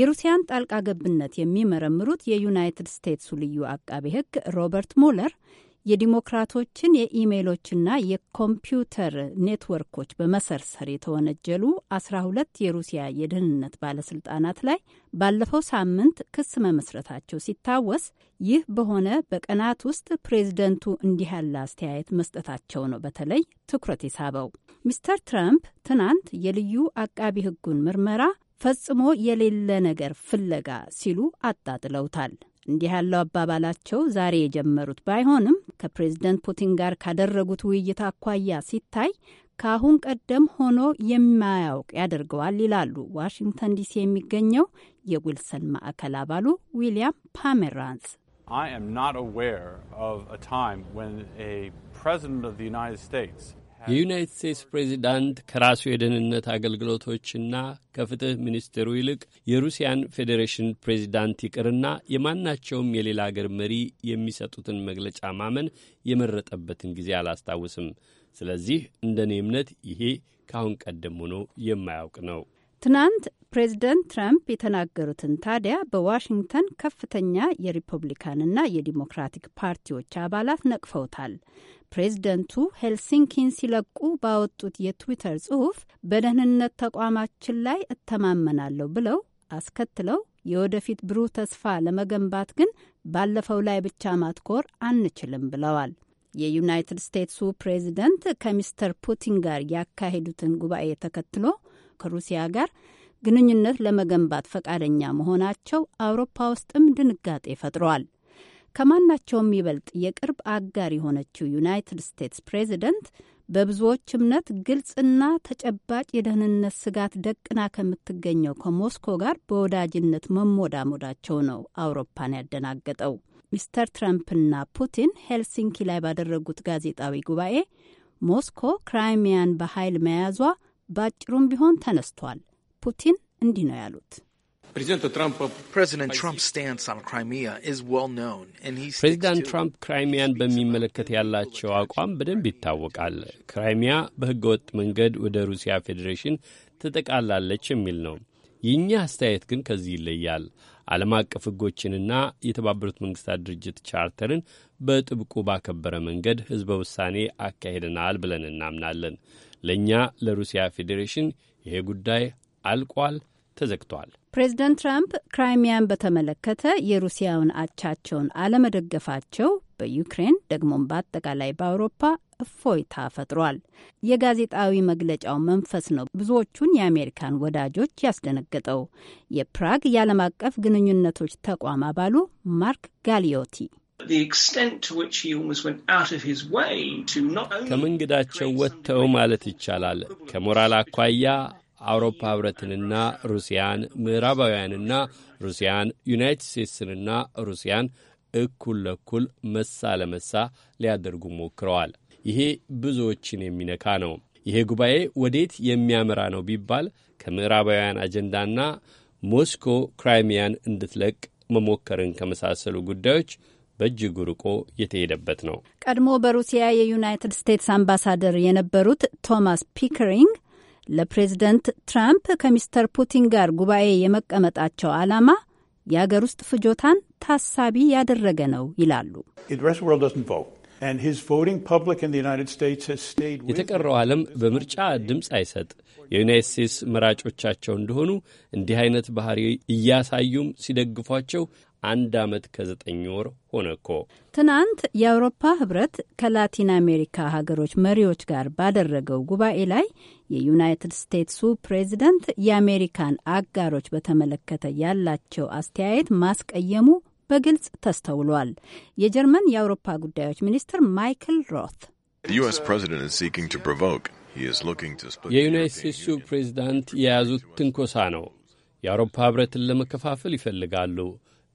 የሩሲያን ጣልቃ ገብነት የሚመረምሩት የዩናይትድ ስቴትሱ ልዩ አቃቤ ሕግ ሮበርት ሞለር የዲሞክራቶችን የኢሜይሎችና የኮምፒውተር ኔትወርኮች በመሰርሰር የተወነጀሉ 12 የሩሲያ የደህንነት ባለስልጣናት ላይ ባለፈው ሳምንት ክስ መመስረታቸው ሲታወስ ይህ በሆነ በቀናት ውስጥ ፕሬዝደንቱ እንዲህ ያለ አስተያየት መስጠታቸው ነው በተለይ ትኩረት የሳበው። ሚስተር ትራምፕ ትናንት የልዩ አቃቢ ሕጉን ምርመራ ፈጽሞ የሌለ ነገር ፍለጋ ሲሉ አጣጥለውታል። እንዲህ ያለው አባባላቸው ዛሬ የጀመሩት ባይሆንም ከፕሬዝደንት ፑቲን ጋር ካደረጉት ውይይት አኳያ ሲታይ ከአሁን ቀደም ሆኖ የማያውቅ ያደርገዋል ይላሉ ዋሽንግተን ዲሲ የሚገኘው የዊልሰን ማዕከል አባሉ ዊሊያም ፓሜራንስ። I am not aware of a time when a president of the United States የዩናይት ስቴትስ ፕሬዚዳንት ከራሱ የደህንነት አገልግሎቶችና ከፍትህ ሚኒስቴሩ ይልቅ የሩሲያን ፌዴሬሽን ፕሬዚዳንት ይቅርና የማናቸውም የሌላ አገር መሪ የሚሰጡትን መግለጫ ማመን የመረጠበትን ጊዜ አላስታውስም። ስለዚህ እንደ እኔ እምነት ይሄ ከአሁን ቀደም ሆኖ የማያውቅ ነው። ትናንት ፕሬዚደንት ትራምፕ የተናገሩትን ታዲያ በዋሽንግተን ከፍተኛ የሪፐብሊካንና የዲሞክራቲክ ፓርቲዎች አባላት ነቅፈውታል። ፕሬዝደንቱ ሄልሲንኪን ሲለቁ ባወጡት የትዊተር ጽሑፍ በደህንነት ተቋማችን ላይ እተማመናለሁ ብለው አስከትለው የወደፊት ብሩህ ተስፋ ለመገንባት ግን ባለፈው ላይ ብቻ ማትኮር አንችልም ብለዋል። የዩናይትድ ስቴትሱ ፕሬዝደንት ከሚስተር ፑቲን ጋር ያካሄዱትን ጉባኤ ተከትሎ ከሩሲያ ጋር ግንኙነት ለመገንባት ፈቃደኛ መሆናቸው አውሮፓ ውስጥም ድንጋጤ ፈጥሯል። ከማናቸውም ይበልጥ የቅርብ አጋር የሆነችው ዩናይትድ ስቴትስ ፕሬዚደንት በብዙዎች እምነት ግልጽና ተጨባጭ የደህንነት ስጋት ደቅና ከምትገኘው ከሞስኮ ጋር በወዳጅነት መሞዳሞዳቸው ነው አውሮፓን ያደናገጠው። ሚስተር ትራምፕና ፑቲን ሄልሲንኪ ላይ ባደረጉት ጋዜጣዊ ጉባኤ ሞስኮ ክራይሚያን በኃይል መያዟ በአጭሩም ቢሆን ተነስቷል። ፑቲን እንዲህ ነው ያሉት። ፕሬዚዳንት ትራምፕ ክራይሚያን በሚመለከት ያላቸው አቋም በደንብ ይታወቃል። ክራይሚያ በህገወጥ መንገድ ወደ ሩሲያ ፌዴሬሽን ትጠቃላለች የሚል ነው። የእኛ አስተያየት ግን ከዚህ ይለያል። ዓለም አቀፍ ሕጎችንና የተባበሩት መንግስታት ድርጅት ቻርተርን በጥብቁ ባከበረ መንገድ ሕዝበ ውሳኔ አካሄደናል ብለን እናምናለን። ለእኛ ለሩሲያ ፌዴሬሽን ይሄ ጉዳይ አልቋል፣ ተዘግቷል። ፕሬዚደንት ትራምፕ ክራይሚያን በተመለከተ የሩሲያውን አቻቸውን አለመደገፋቸው በዩክሬን ደግሞም በአጠቃላይ በአውሮፓ እፎይታ ፈጥሯል። የጋዜጣዊ መግለጫው መንፈስ ነው ብዙዎቹን የአሜሪካን ወዳጆች ያስደነገጠው። የፕራግ የዓለም አቀፍ ግንኙነቶች ተቋም አባሉ ማርክ ጋሊዮቲ ከመንገዳቸው ወጥተው ማለት ይቻላል ከሞራል አኳያ አውሮፓ ህብረትንና ሩሲያን ምዕራባውያንና ሩሲያን ዩናይትድ ስቴትስንና ሩሲያን እኩል ለኩል መሳ ለመሳ ሊያደርጉ ሞክረዋል። ይሄ ብዙዎችን የሚነካ ነው። ይሄ ጉባኤ ወዴት የሚያመራ ነው ቢባል ከምዕራባውያን አጀንዳና ሞስኮ ክራይሚያን እንድትለቅ መሞከርን ከመሳሰሉ ጉዳዮች በእጅጉ ርቆ የተሄደበት ነው። ቀድሞ በሩሲያ የዩናይትድ ስቴትስ አምባሳደር የነበሩት ቶማስ ፒከሪንግ ለፕሬዝደንት ትራምፕ ከሚስተር ፑቲን ጋር ጉባኤ የመቀመጣቸው ዓላማ የአገር ውስጥ ፍጆታን ታሳቢ ያደረገ ነው ይላሉ። የተቀረው ዓለም በምርጫ ድምፅ አይሰጥ። የዩናይት ስቴትስ መራጮቻቸው እንደሆኑ እንዲህ አይነት ባህሪ እያሳዩም ሲደግፏቸው አንድ ዓመት ከዘጠኝ ወር ሆነ እኮ። ትናንት የአውሮፓ ህብረት ከላቲን አሜሪካ ሀገሮች መሪዎች ጋር ባደረገው ጉባኤ ላይ የዩናይትድ ስቴትሱ ፕሬዚደንት የአሜሪካን አጋሮች በተመለከተ ያላቸው አስተያየት ማስቀየሙ በግልጽ ተስተውሏል። የጀርመን የአውሮፓ ጉዳዮች ሚኒስትር ማይክል ሮት የዩናይት ስቴትሱ ፕሬዚዳንት የያዙት ትንኮሳ ነው። የአውሮፓ ህብረትን ለመከፋፈል ይፈልጋሉ።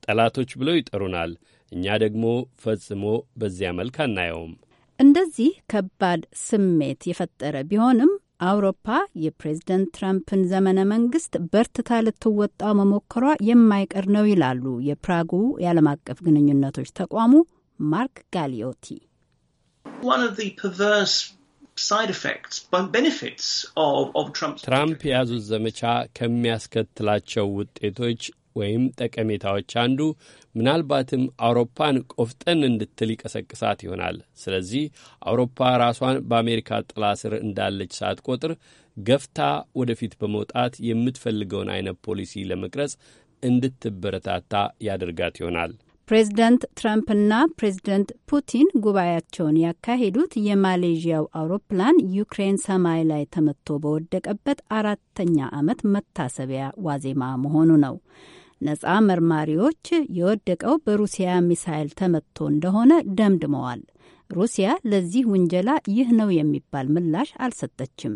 ጠላቶች ብለው ይጠሩናል። እኛ ደግሞ ፈጽሞ በዚያ መልክ አናየውም። እንደዚህ ከባድ ስሜት የፈጠረ ቢሆንም አውሮፓ የፕሬዝደንት ትራምፕን ዘመነ መንግስት በርትታ ልትወጣው መሞከሯ የማይቀር ነው ይላሉ የፕራጉ የዓለም አቀፍ ግንኙነቶች ተቋሙ ማርክ ጋሊዮቲ። ትራምፕ የያዙት ዘመቻ ከሚያስከትላቸው ውጤቶች ወይም ጠቀሜታዎች አንዱ ምናልባትም አውሮፓን ቆፍጠን እንድትል ይቀሰቅሳት ይሆናል። ስለዚህ አውሮፓ ራሷን በአሜሪካ ጥላ ስር እንዳለች ሳትቆጥር ገፍታ ወደፊት በመውጣት የምትፈልገውን አይነት ፖሊሲ ለመቅረጽ እንድትበረታታ ያደርጋት ይሆናል። ፕሬዝደንት ትራምፕና ፕሬዝደንት ፑቲን ጉባኤያቸውን ያካሄዱት የማሌዥያው አውሮፕላን ዩክሬን ሰማይ ላይ ተመቶ በወደቀበት አራተኛ ዓመት መታሰቢያ ዋዜማ መሆኑ ነው። ነፃ መርማሪዎች የወደቀው በሩሲያ ሚሳይል ተመትቶ እንደሆነ ደምድመዋል። ሩሲያ ለዚህ ውንጀላ ይህ ነው የሚባል ምላሽ አልሰጠችም።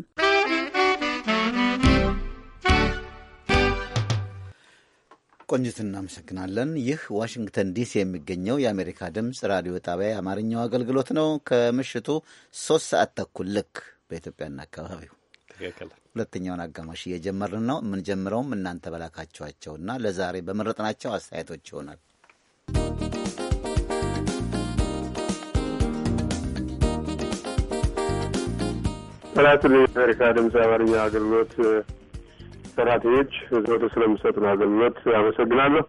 ቆንጅት፣ እናመሰግናለን። ይህ ዋሽንግተን ዲሲ የሚገኘው የአሜሪካ ድምፅ ራዲዮ ጣቢያ የአማርኛው አገልግሎት ነው። ከምሽቱ ሶስት ሰዓት ተኩል ልክ በኢትዮጵያና አካባቢው ሁለተኛውን አጋማሽ እየጀመርን ነው። የምንጀምረውም እናንተ በላካችኋቸውና ለዛሬ በመረጥናቸው አስተያየቶች ይሆናል። ጥናት የአሜሪካ ድምፅ የአማርኛ አገልግሎት ሰራተኞች ዘወትር ስለምሰጡን አገልግሎት አመሰግናለሁ።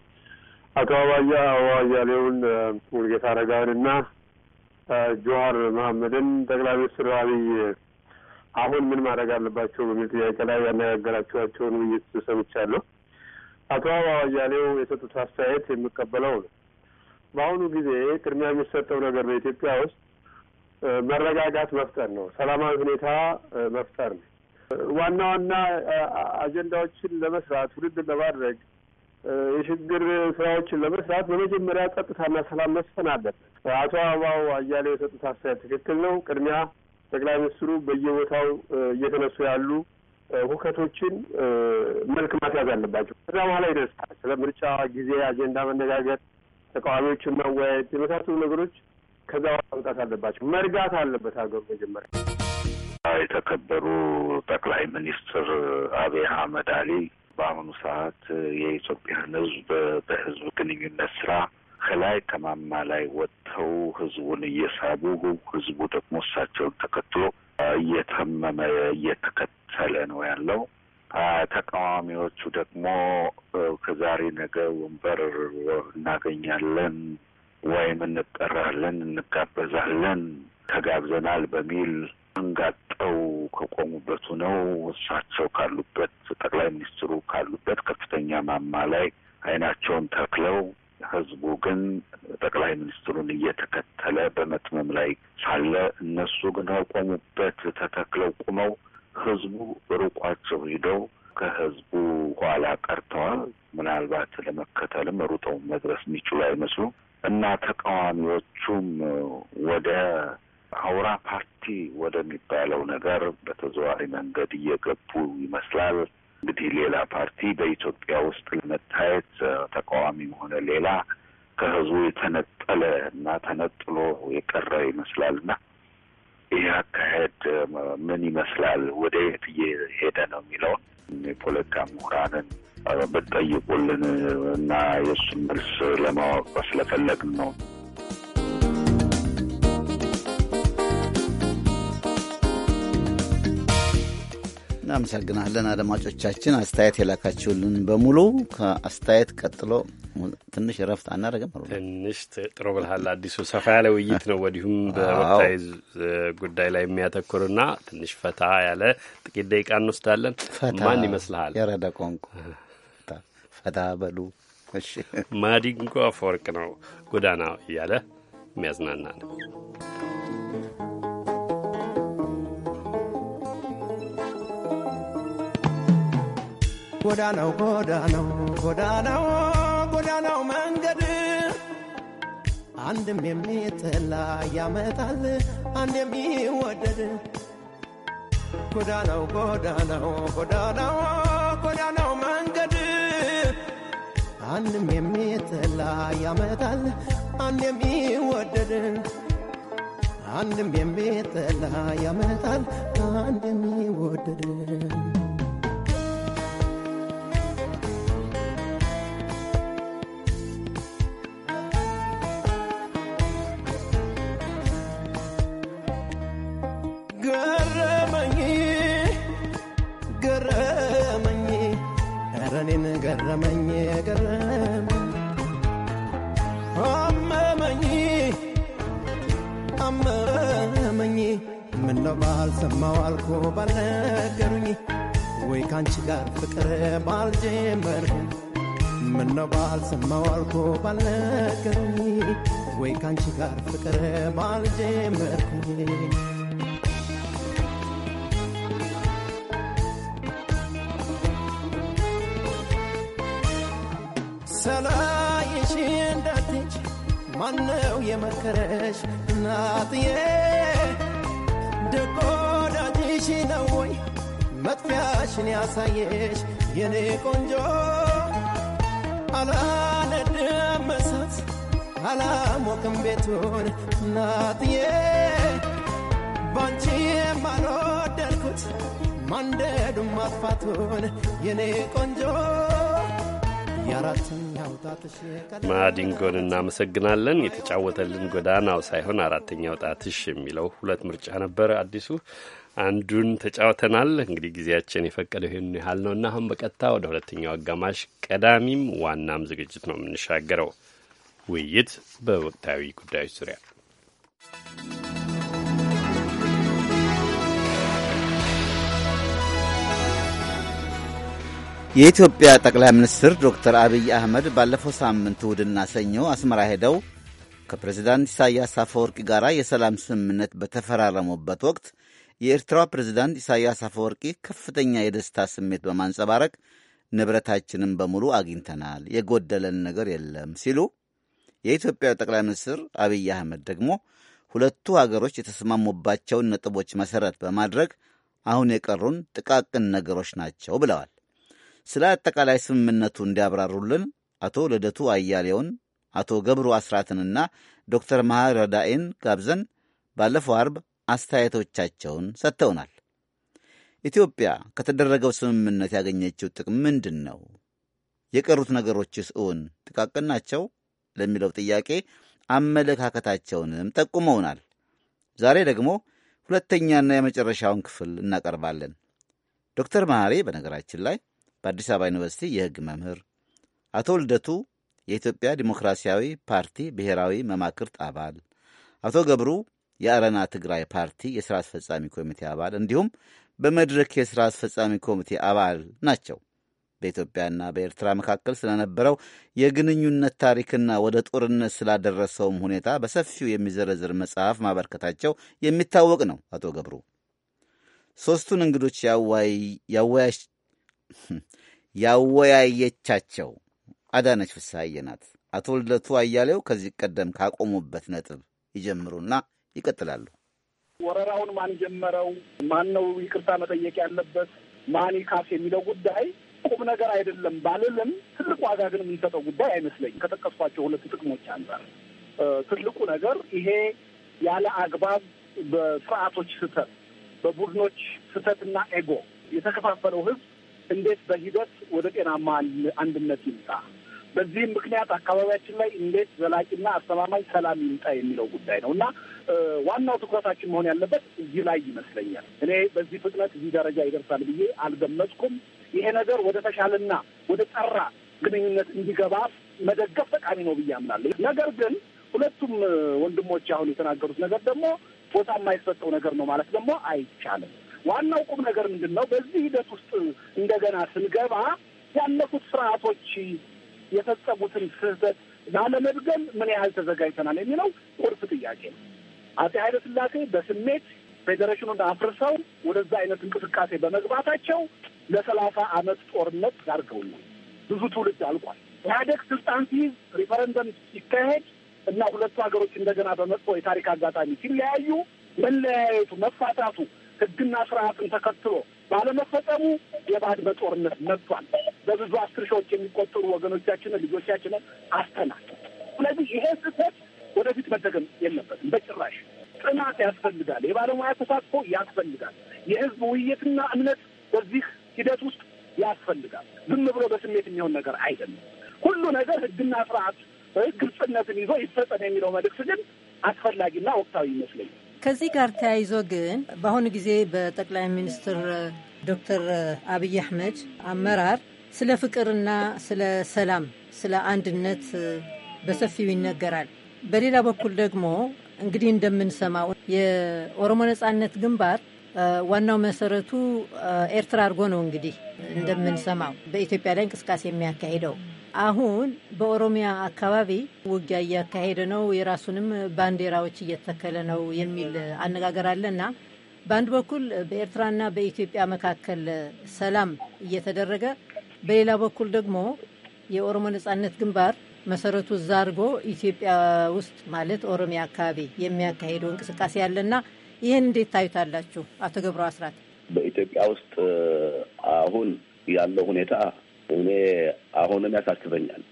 አቶ አባያ አዋያሌውን፣ ሙልጌታ አረጋዊን እና ጀዋር መሐመድን ጠቅላይ ሚኒስትር አብይ አሁን ምን ማድረግ አለባቸው በሚል ጥያቄ ላይ ያነጋገራችኋቸውን ውይይት ሰምቻለሁ። አቶ አበባው አያሌው የሰጡት አስተያየት የሚቀበለው ነው። በአሁኑ ጊዜ ቅድሚያ የሚሰጠው ነገር በኢትዮጵያ ውስጥ መረጋጋት መፍጠር ነው፣ ሰላማዊ ሁኔታ መፍጠር ነው። ዋና ዋና አጀንዳዎችን ለመስራት ውድድር ለማድረግ የሽግግር ስራዎችን ለመስራት በመጀመሪያ ጸጥታና ሰላም መስፈን አለበት። አቶ አበባው አያሌው የሰጡት አስተያየት ትክክል ነው። ቅድሚያ ጠቅላይ ሚኒስትሩ በየቦታው እየተነሱ ያሉ ሁከቶችን መልክ ማስያዝ አለባቸው። ከዛ በኋላ ይደርሳል። ስለ ምርጫ ጊዜ አጀንዳ መነጋገር፣ ተቃዋሚዎችን መወያየት የመሳሰሉ ነገሮች ከዛ በኋላ መምጣት አለባቸው። መርጋት አለበት ሀገሩ መጀመሪያ። የተከበሩ ጠቅላይ ሚኒስትር አብይ አህመድ አሊ በአሁኑ ሰዓት የኢትዮጵያን ሕዝብ በሕዝብ ግንኙነት ስራ ከላይ ከማማ ላይ ወጥተው ህዝቡን እየሳቡ ህዝቡ ደግሞ እሳቸውን ተከትሎ እየተመመ እየተከተለ ነው ያለው። ተቃዋሚዎቹ ደግሞ ከዛሬ ነገ ወንበር እናገኛለን ወይም እንጠራለን፣ እንጋበዛለን፣ ተጋብዘናል በሚል እንጋጠው ከቆሙበቱ ነው እሳቸው ካሉበት ጠቅላይ ሚኒስትሩ ካሉበት ከፍተኛ ማማ ላይ አይናቸውን ተክለው ህዝቡ ግን ጠቅላይ ሚኒስትሩን እየተከተለ በመትመም ላይ ሳለ እነሱ ግን ከቆሙበት ተተክለው ቁመው ህዝቡ ሩቋቸው ሂደው ከህዝቡ ኋላ ቀርተዋል። ምናልባት ለመከተልም ሩጠው መድረስ የሚችሉ አይመስሉም እና ተቃዋሚዎቹም ወደ አውራ ፓርቲ ወደሚባለው ነገር በተዘዋዋሪ መንገድ እየገቡ ይመስላል። እንግዲህ ሌላ ፓርቲ በኢትዮጵያ ውስጥ ለመታየት ተቃዋሚም ሆነ ሌላ ከህዝቡ የተነጠለ እና ተነጥሎ የቀረ ይመስላል እና ይህ አካሄድ ምን ይመስላል፣ ወደ የት እየሄደ ነው የሚለውን የፖለቲካ ምሁራንን ብትጠይቁልን እና የእሱን መልስ ለማወቅ ስለፈለግን ነው። እናመሰግናለን። አድማጮቻችን አስተያየት የላካችሁልን በሙሉ ከአስተያየት ቀጥሎ ትንሽ እረፍት አናደረገም? ትንሽ ጥሩ ብልሃል አዲሱ። ሰፋ ያለ ውይይት ነው ወዲሁም በወቅታዊ ጉዳይ ላይ የሚያተኩርና ትንሽ ፈታ ያለ ጥቂት ደቂቃ እንወስዳለን። ማን ይመስልሃል? የረደ ቋንቋ ፈታ በሉ። ማዲንጎ አፈወርቅ ነው ጎዳና እያለ የሚያዝናና ጎዳናው ጎዳናው ጎዳናው ጎዳናው መንገድ አንድም የሚጠላ ያመጣል አንድ የሚወደድ ጎዳናው ጎዳናው ጎዳናው ጎዳናው መንገድ አንድም የሚጠላ ያመጣል አንድ የሚወደድ አንድም የሚጠላ ያመጣል አንድ የሚወደድ ማዋልኮ ባልነገሩኝ ወይ ካንቺ ጋር ፍቅር ባልጀመርኩ ምነው ባልሰማው አልኮ ባልነገሩኝ ወይ ካንቺ ጋር ፍቅር ባልጀመርኩኝ ሰላይሽ እንዳትች ማነው የመከረሽ እናትዬ ደቆ ነው ወይ መጥፊያሽን ያሳየሽ የኔ ቆንጆ አላነድም እሳት አላሞቅም ቤቱን ናትዬ ባንቺ የማልወደድኩት ማንደዱ ማጥፋቱን የኔ ቆንጆ ማዲንጎን እናመሰግናለን። የተጫወተልን ጎዳናው ሳይሆን አራተኛው ጣትሽ የሚለው ሁለት ምርጫ ነበር አዲሱ አንዱን ተጫውተናል። እንግዲህ ጊዜያችን የፈቀደው ይህን ያህል ነው እና አሁን በቀጥታ ወደ ሁለተኛው አጋማሽ ቀዳሚም ዋናም ዝግጅት ነው የምንሻገረው። ውይይት በወቅታዊ ጉዳዮች ዙሪያ የኢትዮጵያ ጠቅላይ ሚኒስትር ዶክተር አብይ አህመድ ባለፈው ሳምንት እሁድና ሰኞ አስመራ ሄደው ከፕሬዚዳንት ኢሳያስ አፈወርቂ ጋር የሰላም ስምምነት በተፈራረሙበት ወቅት የኤርትራ ፕሬዝዳንት ኢሳያስ አፈወርቂ ከፍተኛ የደስታ ስሜት በማንጸባረቅ ንብረታችንን በሙሉ አግኝተናል፣ የጎደለን ነገር የለም ሲሉ የኢትዮጵያ ጠቅላይ ሚኒስትር አብይ አህመድ ደግሞ ሁለቱ አገሮች የተስማሙባቸውን ነጥቦች መሠረት በማድረግ አሁን የቀሩን ጥቃቅን ነገሮች ናቸው ብለዋል። ስለ አጠቃላይ ስምምነቱ እንዲያብራሩልን አቶ ልደቱ አያሌውን፣ አቶ ገብሩ አስራትንና ዶክተር መሐር ረዳኤን ጋብዘን ባለፈው አርብ አስተያየቶቻቸውን ሰጥተውናል። ኢትዮጵያ ከተደረገው ስምምነት ያገኘችው ጥቅም ምንድን ነው? የቀሩት ነገሮችስ እውን ጥቃቅን ናቸው? ለሚለው ጥያቄ አመለካከታቸውንም ጠቁመውናል። ዛሬ ደግሞ ሁለተኛና የመጨረሻውን ክፍል እናቀርባለን። ዶክተር መሐሪ በነገራችን ላይ በአዲስ አበባ ዩኒቨርሲቲ የሕግ መምህር፣ አቶ ልደቱ የኢትዮጵያ ዲሞክራሲያዊ ፓርቲ ብሔራዊ መማክርት አባል፣ አቶ ገብሩ የአረና ትግራይ ፓርቲ የሥራ አስፈጻሚ ኮሚቴ አባል እንዲሁም በመድረክ የሥራ አስፈጻሚ ኮሚቴ አባል ናቸው። በኢትዮጵያና በኤርትራ መካከል ስለነበረው የግንኙነት ታሪክና ወደ ጦርነት ስላደረሰውም ሁኔታ በሰፊው የሚዘረዝር መጽሐፍ ማበርከታቸው የሚታወቅ ነው። አቶ ገብሩ ሦስቱን እንግዶች <sniffs> ያወያየቻቸው አዳነች ፍስሐዬ ናት። አቶ ልደቱ አያሌው ከዚህ ቀደም ካቆሙበት ነጥብ ይጀምሩና ይቀጥላሉ። ወረራውን ማን ጀመረው? ማን ነው ይቅርታ መጠየቅ ያለበት? ማን ይካስ የሚለው ጉዳይ ቁም ነገር አይደለም ባልልም፣ ትልቁ ዋጋ ግን የምንሰጠው ጉዳይ አይመስለኝም። ከጠቀስኳቸው ሁለት ጥቅሞች አንጻር ትልቁ ነገር ይሄ ያለ አግባብ በስርዓቶች ስህተት፣ በቡድኖች ስህተትና ኤጎ የተከፋፈለው ህዝብ እንዴት በሂደት ወደ ጤናማ አንድነት ይምጣ በዚህም ምክንያት አካባቢያችን ላይ እንዴት ዘላቂና አስተማማኝ ሰላም ይምጣ የሚለው ጉዳይ ነው እና ዋናው ትኩረታችን መሆን ያለበት እዚህ ላይ ይመስለኛል። እኔ በዚህ ፍጥነት እዚህ ደረጃ ይደርሳል ብዬ አልገመጽኩም ይሄ ነገር ወደ ተሻለና ወደ ጠራ ግንኙነት እንዲገባ መደገፍ ጠቃሚ ነው ብዬ አምናለሁ። ነገር ግን ሁለቱም ወንድሞች አሁን የተናገሩት ነገር ደግሞ ቦታ የማይሰጠው ነገር ነው ማለት ደግሞ አይቻልም። ዋናው ቁም ነገር ምንድን ነው? በዚህ ሂደት ውስጥ እንደገና ስንገባ ያለፉት ስርዓቶች የፈጸሙትን ስህተት ላለመድገም ምን ያህል ተዘጋጅተናል የሚለው ቁልፍ ጥያቄ ነው። አጼ ኃይለ ሥላሴ በስሜት ፌዴሬሽኑን አፍርሰው ወደዛ አይነት እንቅስቃሴ በመግባታቸው ለሰላሳ አመት ጦርነት ዳርገውናል። ብዙ ትውልድ አልቋል። ኢህአደግ ስልጣን ሲይዝ ሪፈረንደም ሲካሄድ እና ሁለቱ ሀገሮች እንደገና በመጥፎ የታሪክ አጋጣሚ ሲለያዩ መለያየቱ፣ መፋታቱ ህግና ስርዓትን ተከትሎ ባለመፈጸሙ የባዕድ በጦርነት መጥቷል። በብዙ አስር ሺዎች የሚቆጠሩ ወገኖቻችንን ልጆቻችንን አስተናል። ስለዚህ ይሄ ስህተት ወደፊት መደገም የለበትም በጭራሽ። ጥናት ያስፈልጋል። የባለሙያ ተሳትፎ ያስፈልጋል። የህዝብ ውይይትና እምነት በዚህ ሂደት ውስጥ ያስፈልጋል። ዝም ብሎ በስሜት የሚሆን ነገር አይደለም። ሁሉ ነገር ህግና ስርዓት ግልጽነትን ይዞ ይፈጸም የሚለው መልእክት ግን አስፈላጊና ወቅታዊ ይመስለኛል። ከዚህ ጋር ተያይዞ ግን በአሁኑ ጊዜ በጠቅላይ ሚኒስትር ዶክተር አብይ አህመድ አመራር ስለ ፍቅርና ስለ ሰላም፣ ስለ አንድነት በሰፊው ይነገራል። በሌላ በኩል ደግሞ እንግዲህ እንደምንሰማው የኦሮሞ ነጻነት ግንባር ዋናው መሰረቱ ኤርትራ አድርጎ ነው እንግዲህ እንደምንሰማው በኢትዮጵያ ላይ እንቅስቃሴ የሚያካሂደው አሁን በኦሮሚያ አካባቢ ውጊያ እያካሄደ ነው፣ የራሱንም ባንዲራዎች እየተከለ ነው የሚል አነጋገር አለ እና በአንድ በኩል በኤርትራና በኢትዮጵያ መካከል ሰላም እየተደረገ በሌላ በኩል ደግሞ የኦሮሞ ነጻነት ግንባር መሰረቱ ዛርጎ ኢትዮጵያ ውስጥ ማለት ኦሮሚያ አካባቢ የሚያካሄደው እንቅስቃሴ ያለና ይህን እንዴት ታዩታላችሁ? አቶ ገብሩ አስራት፣ በኢትዮጵያ ውስጥ አሁን ያለው ሁኔታ እኔ አሁንም ያሳስበኛል።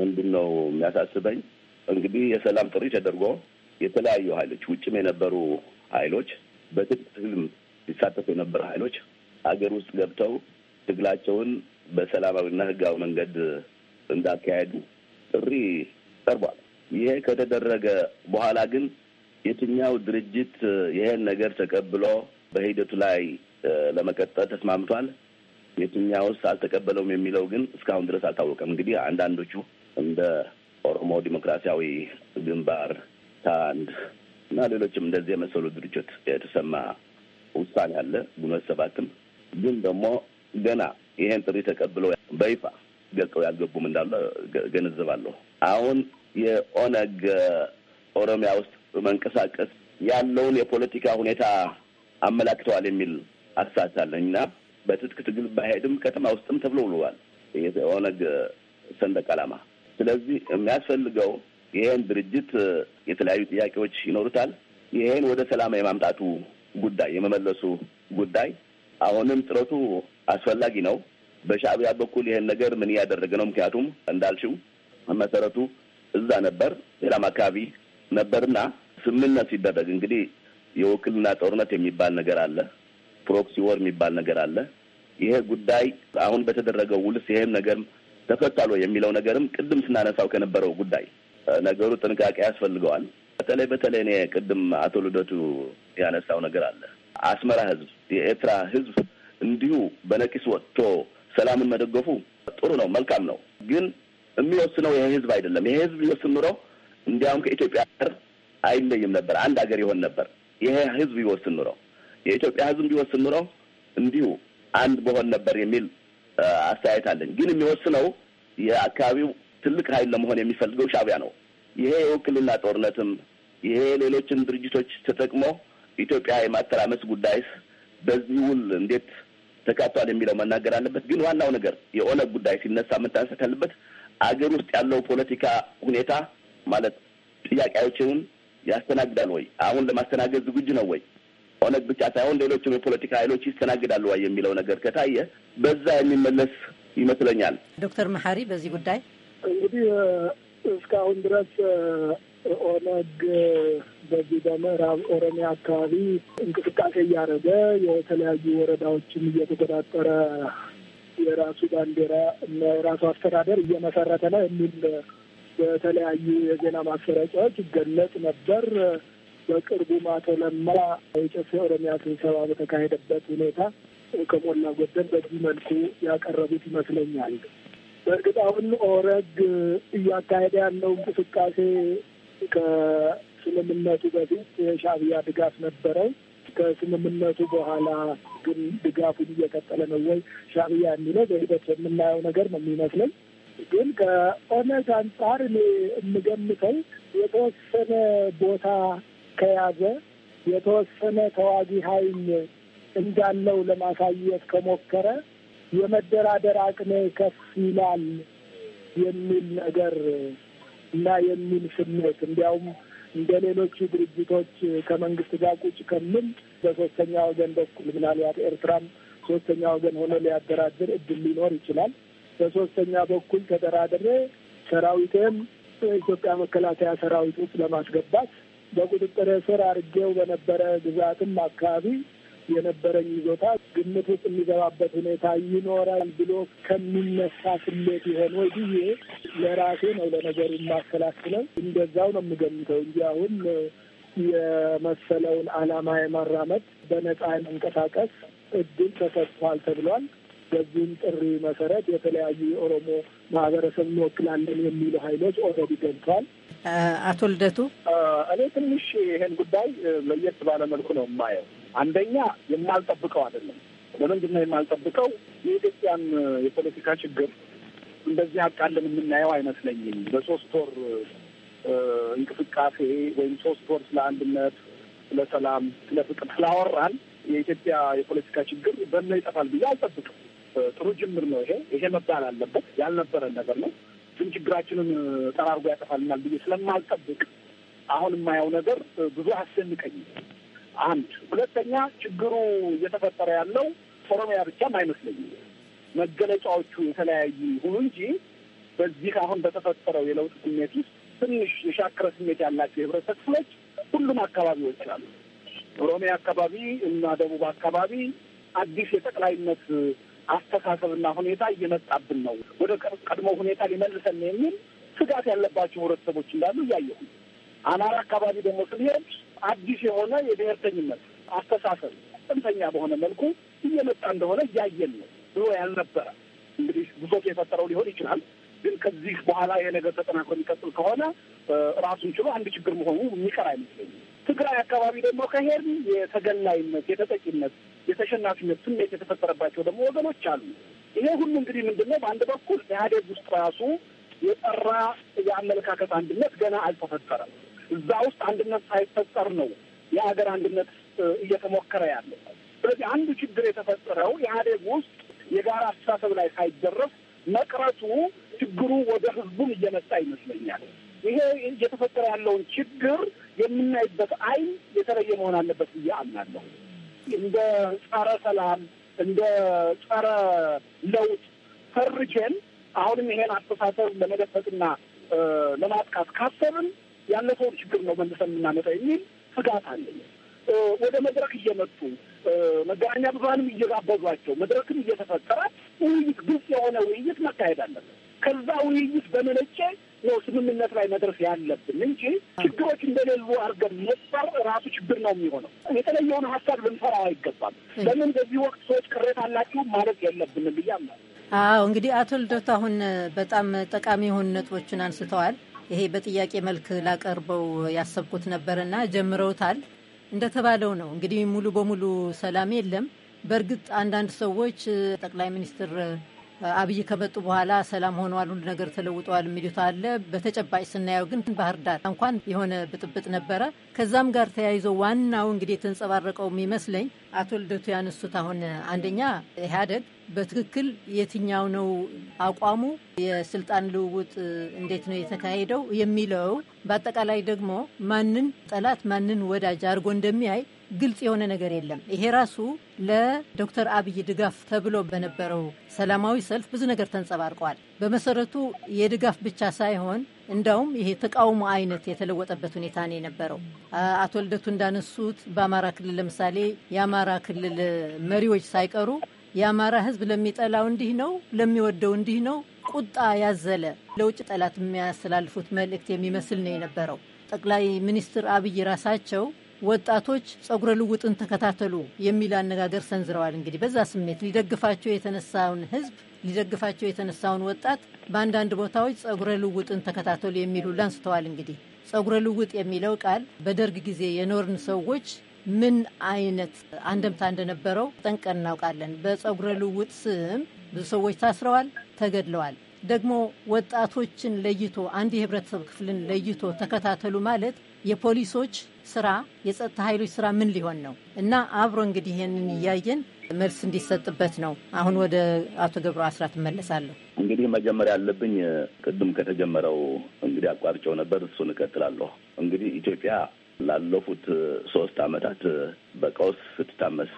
ምንድን ነው የሚያሳስበኝ? እንግዲህ የሰላም ጥሪ ተደርጎ የተለያዩ ኃይሎች ውጭም የነበሩ ኃይሎች በትጥቅ ትግል ሲሳተፉ የነበሩ ኃይሎች ሀገር ውስጥ ገብተው ትግላቸውን በሰላማዊና ሕጋዊ መንገድ እንዳካሄዱ ጥሪ ቀርቧል። ይሄ ከተደረገ በኋላ ግን የትኛው ድርጅት ይሄን ነገር ተቀብሎ በሂደቱ ላይ ለመቀጠል ተስማምቷል? የትኛውስ አልተቀበለውም የሚለው ግን እስካሁን ድረስ አልታወቀም። እንግዲህ አንዳንዶቹ እንደ ኦሮሞ ዲሞክራሲያዊ ግንባር ታንድ እና ሌሎችም እንደዚህ የመሰሉ ድርጅት የተሰማ ውሳኔ አለ ግንቦት ሰባትም ግን ደግሞ ገና ይሄን ጥሪ ተቀብለው በይፋ ገልጠው ያልገቡም እንዳለ ገነዘባለሁ። አሁን የኦነግ ኦሮሚያ ውስጥ በመንቀሳቀስ ያለውን የፖለቲካ ሁኔታ አመላክተዋል የሚል አሳታለኝ እና በትጥቅ ትግል ባሄድም ከተማ ውስጥም ተብሎ ውለዋል ኦነግ ሰንደቅ ዓላማ። ስለዚህ የሚያስፈልገው ይሄን ድርጅት የተለያዩ ጥያቄዎች ይኖሩታል። ይሄን ወደ ሰላም የማምጣቱ ጉዳይ የመመለሱ ጉዳይ አሁንም ጥረቱ አስፈላጊ ነው። በሻቢያ በኩል ይሄን ነገር ምን እያደረገ ነው? ምክንያቱም እንዳልሽው መሰረቱ እዛ ነበር፣ ሌላም አካባቢ ነበርና ስምምነት ሲደረግ እንግዲህ የውክልና ጦርነት የሚባል ነገር አለ፣ ፕሮክሲ ወር የሚባል ነገር አለ። ይሄ ጉዳይ አሁን በተደረገው ውልስ ይሄም ነገር ተፈቷል ወይ የሚለው ነገርም ቅድም ስናነሳው ከነበረው ጉዳይ ነገሩ ጥንቃቄ ያስፈልገዋል። በተለይ በተለይ እኔ ቅድም አቶ ልደቱ ያነሳው ነገር አለ። አስመራ ህዝብ፣ የኤርትራ ህዝብ እንዲሁ በነቂስ ወጥቶ ሰላምን መደገፉ ጥሩ ነው፣ መልካም ነው። ግን የሚወስነው ይሄ ህዝብ አይደለም። ይሄ ህዝብ ይወስን ኑሮ እንዲያውም ከኢትዮጵያ ጋር አይለይም ነበር፣ አንድ ሀገር ይሆን ነበር። ይሄ ህዝብ ይወስን ኑሮ የኢትዮጵያ ህዝብ ቢወስን ኑሮ እንዲሁ አንድ በሆን ነበር የሚል አስተያየት አለኝ። ግን የሚወስነው የአካባቢው ትልቅ ኃይል ለመሆን የሚፈልገው ሻቢያ ነው። ይሄ የውክልና ጦርነትም ይሄ ሌሎችን ድርጅቶች ተጠቅሞ ኢትዮጵያ የማተራመስ ጉዳይስ በዚህ ውል እንዴት ተካቷል የሚለው መናገር አለበት። ግን ዋናው ነገር የኦነግ ጉዳይ ሲነሳ መታነሳት ያለበት አገር ውስጥ ያለው ፖለቲካ ሁኔታ ማለት ጥያቄዎችን ያስተናግዳል ወይ? አሁን ለማስተናገድ ዝግጁ ነው ወይ? ኦነግ ብቻ ሳይሆን ሌሎችም የፖለቲካ ኃይሎች ይስተናግዳሉ ወይ የሚለው ነገር ከታየ በዛ የሚመለስ ይመስለኛል። ዶክተር መሐሪ በዚህ ጉዳይ እንግዲህ እስካሁን ድረስ ኦነግ በዚህ በምዕራብ ኦሮሚያ አካባቢ እንቅስቃሴ እያደረገ የተለያዩ ወረዳዎችን እየተቆጣጠረ የራሱ ባንዲራ እና የራሱ አስተዳደር እየመሰረተ ነው የሚል በተለያዩ የዜና ማሰራጫዎች ይገለጽ ነበር። በቅርቡ አቶ ለማ የጨፌ ኦሮሚያ ስብሰባ በተካሄደበት ሁኔታ ከሞላ ጎደል በዚህ መልኩ ያቀረቡት ይመስለኛል። በእርግጥ አሁን ኦረግ እያካሄደ ያለው እንቅስቃሴ ከስምምነቱ በፊት የሻዕቢያ ድጋፍ ነበረው። ከስምምነቱ በኋላ ግን ድጋፉን እየቀጠለ ነው ወይ ሻዕቢያ የሚለው በሂደት የምናየው ነገር ነው የሚመስለኝ። ግን ከኦነግ አንጻር እኔ የምገምተው የተወሰነ ቦታ ከያዘ የተወሰነ ተዋጊ ኃይል እንዳለው ለማሳየት ከሞከረ የመደራደር አቅሜ ከፍ ይላል የሚል ነገር እና የሚል ስሜት እንዲያውም እንደ ሌሎቹ ድርጅቶች ከመንግስት ጋር ቁጭ ከሚል በሶስተኛ ወገን በኩል ምናልባት ኤርትራም ሶስተኛ ወገን ሆኖ ሊያደራድር እድል ሊኖር ይችላል። በሶስተኛ በኩል ተደራድሬ ሰራዊቴም ኢትዮጵያ መከላከያ ሰራዊት ውስጥ ለማስገባት በቁጥጥር ስር አድርጌው በነበረ ግዛትም አካባቢ የነበረኝ ይዞታ ግምት ውስጥ የሚገባበት ሁኔታ ይኖራል ብሎ ከሚነሳ ስሌት ይሆን ወይ ብዬ ለራሴ ነው ለነገሩ የማሰላስለው። እንደዛው ነው የምገምተው እንጂ አሁን የመሰለውን አላማ የማራመድ በነጻ የመንቀሳቀስ እድል ተሰጥቷል ተብሏል። በዚህም ጥሪ መሰረት የተለያዩ የኦሮሞ ማህበረሰብ እንወክላለን የሚሉ ሀይሎች ኦልሬዲ ገብቷል። አቶ ልደቱ፣ እኔ ትንሽ ይሄን ጉዳይ ለየት ባለ መልኩ ነው የማየው። አንደኛ የማልጠብቀው አይደለም። ለምንድን ነው የማልጠብቀው? የኢትዮጵያን የፖለቲካ ችግር እንደዚህ አቃለን የምናየው አይመስለኝም። በሶስት ወር እንቅስቃሴ ወይም ሶስት ወር ስለ አንድነት፣ ስለ ሰላም፣ ስለ ፍቅር ስላወራን የኢትዮጵያ የፖለቲካ ችግር በነ ይጠፋል ብዬ አልጠብቅም። ጥሩ ጅምር ነው ይሄ። ይሄ መባል አለበት። ያልነበረን ነገር ነው። ግን ችግራችንን ጠራርጎ ያጠፋልናል ብዬ ስለማልጠብቅ አሁን የማየው ነገር ብዙ አስደንቀኝ። አንድ ሁለተኛ፣ ችግሩ እየተፈጠረ ያለው ኦሮሚያ ብቻም አይመስለኝም። መገለጫዎቹ የተለያዩ ይሁኑ እንጂ በዚህ አሁን በተፈጠረው የለውጥ ስሜት ውስጥ ትንሽ የሻከረ ስሜት ያላቸው የህብረተሰብ ክፍሎች ሁሉም አካባቢዎች አሉ። ኦሮሚያ አካባቢ እና ደቡብ አካባቢ አዲስ የጠቅላይነት አስተሳሰብና ሁኔታ እየመጣብን ነው፣ ወደ ቀድሞ ሁኔታ ሊመልሰን የሚል ስጋት ያለባቸው ህብረተሰቦች እንዳሉ እያየሁ፣ አማራ አካባቢ ደግሞ ስንሄድ አዲስ የሆነ የብሔርተኝነት አስተሳሰብ ጥንተኛ በሆነ መልኩ እየመጣ እንደሆነ እያየን ነው ብሎ ያልነበረ እንግዲህ ብሶት የፈጠረው ሊሆን ይችላል። ግን ከዚህ በኋላ የነገር ተጠናክሮ የሚቀጥል ከሆነ ራሱን ችሎ አንድ ችግር መሆኑ የሚቀር አይመስለኝም። ትግራይ አካባቢ ደግሞ ከሄድን የተገላይነት የተጠቂነት የተሸናፊነት ስሜት የተፈጠረባቸው ደግሞ ወገኖች አሉ። ይሄ ሁሉ እንግዲህ ምንድን ነው በአንድ በኩል ኢህአዴግ ውስጥ ራሱ የጠራ የአመለካከት አንድነት ገና አልተፈጠረም። እዛ ውስጥ አንድነት ሳይፈጠር ነው የሀገር አንድነት እየተሞከረ ያለው። ስለዚህ አንዱ ችግር የተፈጠረው ኢህአዴግ ውስጥ የጋራ አስተሳሰብ ላይ ሳይደረስ መቅረቱ ችግሩ ወደ ህዝቡም እየመጣ ይመስለኛል። ይሄ እየተፈጠረ ያለውን ችግር የምናይበት አይን የተለየ መሆን አለበት ብዬ አምናለሁ። እንደ ጸረ ሰላም፣ እንደ ጸረ ለውጥ ፈርጀን አሁንም ይሄን አስተሳሰብ ለመደፈቅና ለማጥቃት ካሰብን ያለፈውን ችግር ነው መልሰን የምናመጣ የሚል ስጋት አለኝ። ወደ መድረክ እየመጡ መገናኛ ብዙሀንም እየጋበዟቸው መድረክም እየተፈጠረ ውይይት፣ ግልጽ የሆነ ውይይት መካሄድ አለበት። ከዛ ውይይት በመነጨ ነው ስምምነት ላይ መድረስ ያለብን እንጂ ችግሮች እንደሌሉ አድርገን መፍጠር ራሱ ችግር ነው የሚሆነው። የተለየውን ሀሳብ ልንሰራው አይገባም። ለምን በዚህ ወቅት ሰዎች ቅሬታ አላችሁ ማለት የለብንም ብዬ አምናለሁ። አዎ እንግዲህ አቶ ልደቱ አሁን በጣም ጠቃሚ የሆኑ ነጥቦችን አንስተዋል። ይሄ በጥያቄ መልክ ላቀርበው ያሰብኩት ነበርና ጀምረውታል። እንደተባለው ነው እንግዲህ ሙሉ በሙሉ ሰላም የለም። በእርግጥ አንዳንድ ሰዎች ጠቅላይ ሚኒስትር አብይ ከመጡ በኋላ ሰላም ሆኗል፣ ሁሉ ነገር ተለውጠዋል የሚሉት አለ። በተጨባጭ ስናየው ግን ባህር ዳር እንኳን የሆነ ብጥብጥ ነበረ። ከዛም ጋር ተያይዞ ዋናው እንግዲህ የተንጸባረቀው የሚመስለኝ አቶ ልደቱ ያነሱት አሁን አንደኛ ኢህአዴግ በትክክል የትኛው ነው አቋሙ፣ የስልጣን ልውውጥ እንዴት ነው የተካሄደው የሚለው በአጠቃላይ ደግሞ ማንን ጠላት ማንን ወዳጅ አድርጎ እንደሚያይ ግልጽ የሆነ ነገር የለም። ይሄ ራሱ ለዶክተር አብይ ድጋፍ ተብሎ በነበረው ሰላማዊ ሰልፍ ብዙ ነገር ተንጸባርቋል። በመሰረቱ የድጋፍ ብቻ ሳይሆን እንዳውም ይሄ ተቃውሞ አይነት የተለወጠበት ሁኔታ ነው የነበረው። አቶ ልደቱ እንዳነሱት በአማራ ክልል ለምሳሌ የአማራ ክልል መሪዎች ሳይቀሩ የአማራ ሕዝብ ለሚጠላው እንዲህ ነው፣ ለሚወደው እንዲህ ነው፣ ቁጣ ያዘለ ለውጭ ጠላት የሚያስተላልፉት መልእክት የሚመስል ነው የነበረው። ጠቅላይ ሚኒስትር አብይ ራሳቸው ወጣቶች ጸጉረ ልውጥን ተከታተሉ የሚል አነጋገር ሰንዝረዋል። እንግዲህ በዛ ስሜት ሊደግፋቸው የተነሳውን ህዝብ ሊደግፋቸው የተነሳውን ወጣት በአንዳንድ ቦታዎች ጸጉረ ልውጥን ተከታተሉ የሚሉ ላንስተዋል። እንግዲህ ጸጉረ ልውጥ የሚለው ቃል በደርግ ጊዜ የኖርን ሰዎች ምን አይነት አንደምታ እንደነበረው ጠንቀን እናውቃለን። በጸጉረ ልውጥ ስም ብዙ ሰዎች ታስረዋል፣ ተገድለዋል። ደግሞ ወጣቶችን ለይቶ አንድ የህብረተሰብ ክፍልን ለይቶ ተከታተሉ ማለት የፖሊሶች ስራ፣ የጸጥታ ኃይሎች ስራ ምን ሊሆን ነው? እና አብሮ እንግዲህ ይህንን እያየን መልስ እንዲሰጥበት ነው። አሁን ወደ አቶ ገብሩ አስራት እመለሳለሁ። እንግዲህ መጀመሪያ ያለብኝ ቅድም ከተጀመረው እንግዲህ አቋርጨው ነበር፣ እሱን እቀጥላለሁ። እንግዲህ ኢትዮጵያ ላለፉት ሶስት አመታት በቀውስ ስትታመስ